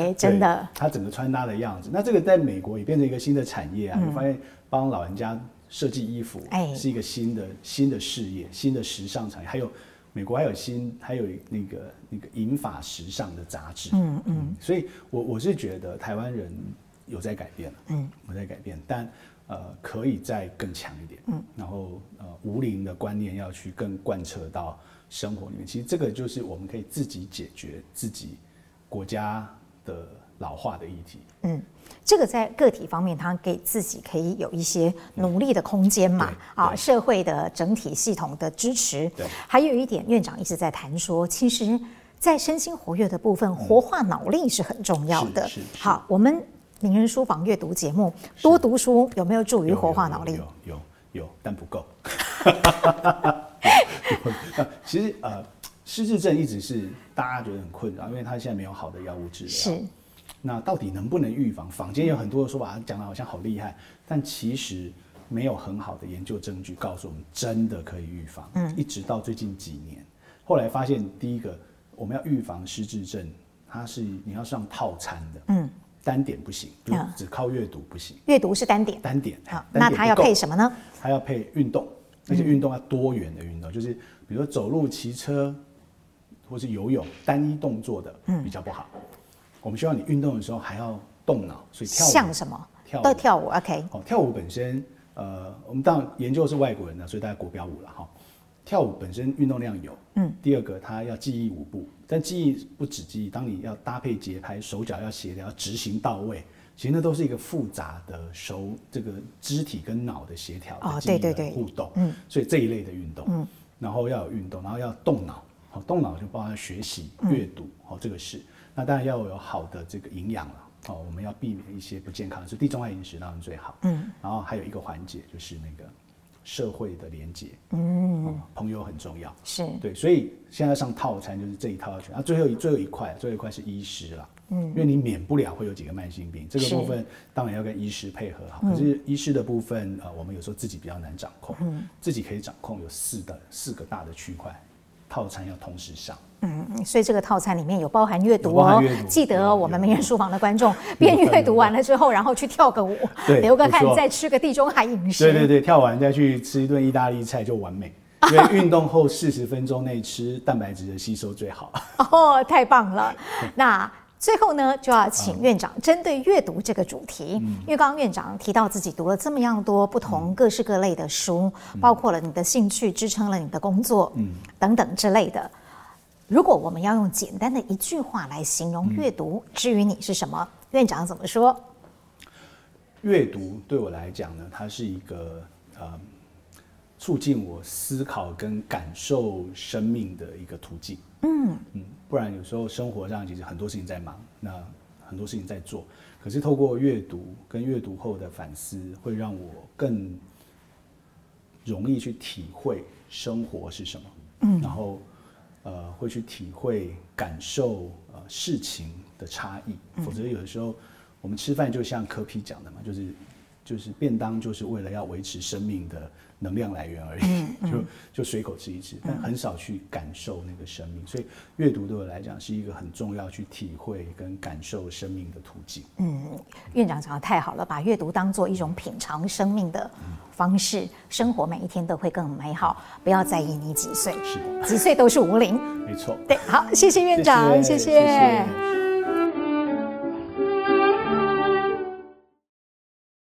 哎 *laughs* 真的。他整個穿搭的樣子，那這個在美國也變成一個新的產業啊。你、嗯、發現幫老人家設計衣服，哎，是一個新的、欸、新的事業，新的時尚產業。還有美國還有新還有那個那個銀髮時尚的雜誌。嗯嗯，嗯。所以我我是覺得台灣人有在改變了，嗯，有在改變，但呃可以再更強一點，嗯、然後呃，無齡的觀念要去更貫徹到生活裡面，其實這個就是我們可以自己解決自己國家的老化的議題。嗯，這個在個體方面，他給自己可以有一些努力的空間嘛、嗯。啊，社會的整體系統的支持。對。還有一點，院長一直在談說，其實，在身心活躍的部分，嗯、活化腦力是很重要的。是，是，是。好，我們名人書房閱讀節目，多讀書有沒有助於活化腦力？有有有，有，有，有，但不夠。 *laughs* *laughs* *laughs* 對，對，其實呃，失智症一直是大家覺得很困擾，因為它現在沒有好的藥物治療。是。那到底能不能預防？坊間有很多的說法，講的好像好厲害，但其實沒有很好的研究證據告訴我們真的可以預防。嗯。一直到最近幾年，後來發現第一個，我們要預防失智症，它是你要上套餐的。嗯。單點不行，嗯、就只靠閱讀不行。閱讀是單點。單點。好、哦。那它要配什麼呢？它要配運動。這些運動要多元的運動，就是比如說走路、騎車，或是游泳，單一動作的比較不好。嗯、我們希望你運動的時候還要動腦，所以跳舞像什麼？跳舞都跳舞，OK。哦，跳舞本身，呃，我們當然研究的是外國人的，所以大家國標舞了哈，哦。跳舞本身運動量有，嗯。第二個，它要記憶舞步，但記憶不止記憶，當你要搭配節拍，手腳要協調，要執行到位。其實那都是一個複雜的手，這個肢體跟腦的協調的、哦、對對對互動，嗯，所以這一類的運動，嗯，然後要有運動，然後要動腦，哦，動腦就包括學習、嗯、閱讀，哦，這個是，那當然要有好的這個營養了，哦，我們要避免一些不健康的，所以地中海飲食當然最好，嗯，然後還有一個環節就是那個社會的連接、嗯，嗯，朋友很重要，是對，所以現在上套餐就是這一套要全，然、啊、最後一最後一塊，最後一塊是醫師了。嗯、因為你免不了會有幾個慢性病，這個部分當然要跟醫師配合好。可是醫師的部分、嗯，呃，我們有時候自己比較難掌控。嗯。自己可以掌控有四的四個大的區塊，套餐要同時上。嗯嗯。所以這個套餐裡面有包含閱讀，哦，含閱讀哦，記得、哦、我們名人書房的觀眾邊閱讀完了之後，然後去跳個舞。對。劉哥看你再吃個地中海飲食。對，對對對，跳完再去吃一頓意大利菜就完美。啊、因為運動後四十分鐘內吃蛋白質的吸收最好。啊、 *laughs* 哦，太棒了。 *laughs* 那。最後呢，就要請院長針對閱讀這個主題。因為剛剛院長提到自己讀了這麼樣多不同各式各類的書，嗯、包括了你的興趣支撐了你的工作，嗯，等等之類的。如果我們要用簡單的一句話來形容閱讀，嗯、之於你是什麼，院長怎麼說？閱讀對我來講呢，它是一個呃促進我思考跟感受生命的一個途徑。嗯嗯，不然有時候生活上其實很多事情在忙，那很多事情在做，可是透過閱讀跟閱讀後的反思，會讓我更容易去體會生活是什麼，嗯，然後呃會去體會感受呃事情的差異。否則有的時候我們吃飯就像柯 P 講的嘛，就是就是便當就是為了要維持生命的能量來源而已，就就隨口吃一吃，嗯，但很少去感受那個生命。嗯、所以閱讀對我來講是一個很重要去體會跟感受生命的途徑。嗯，院長講得太好了，把閱讀當做一種品嘗生命的方式，嗯，生活每一天都會更美好。嗯、不要在意你幾歲，是的，幾歲都是無齡。沒錯，對，好，謝謝院長，謝謝。謝謝謝謝。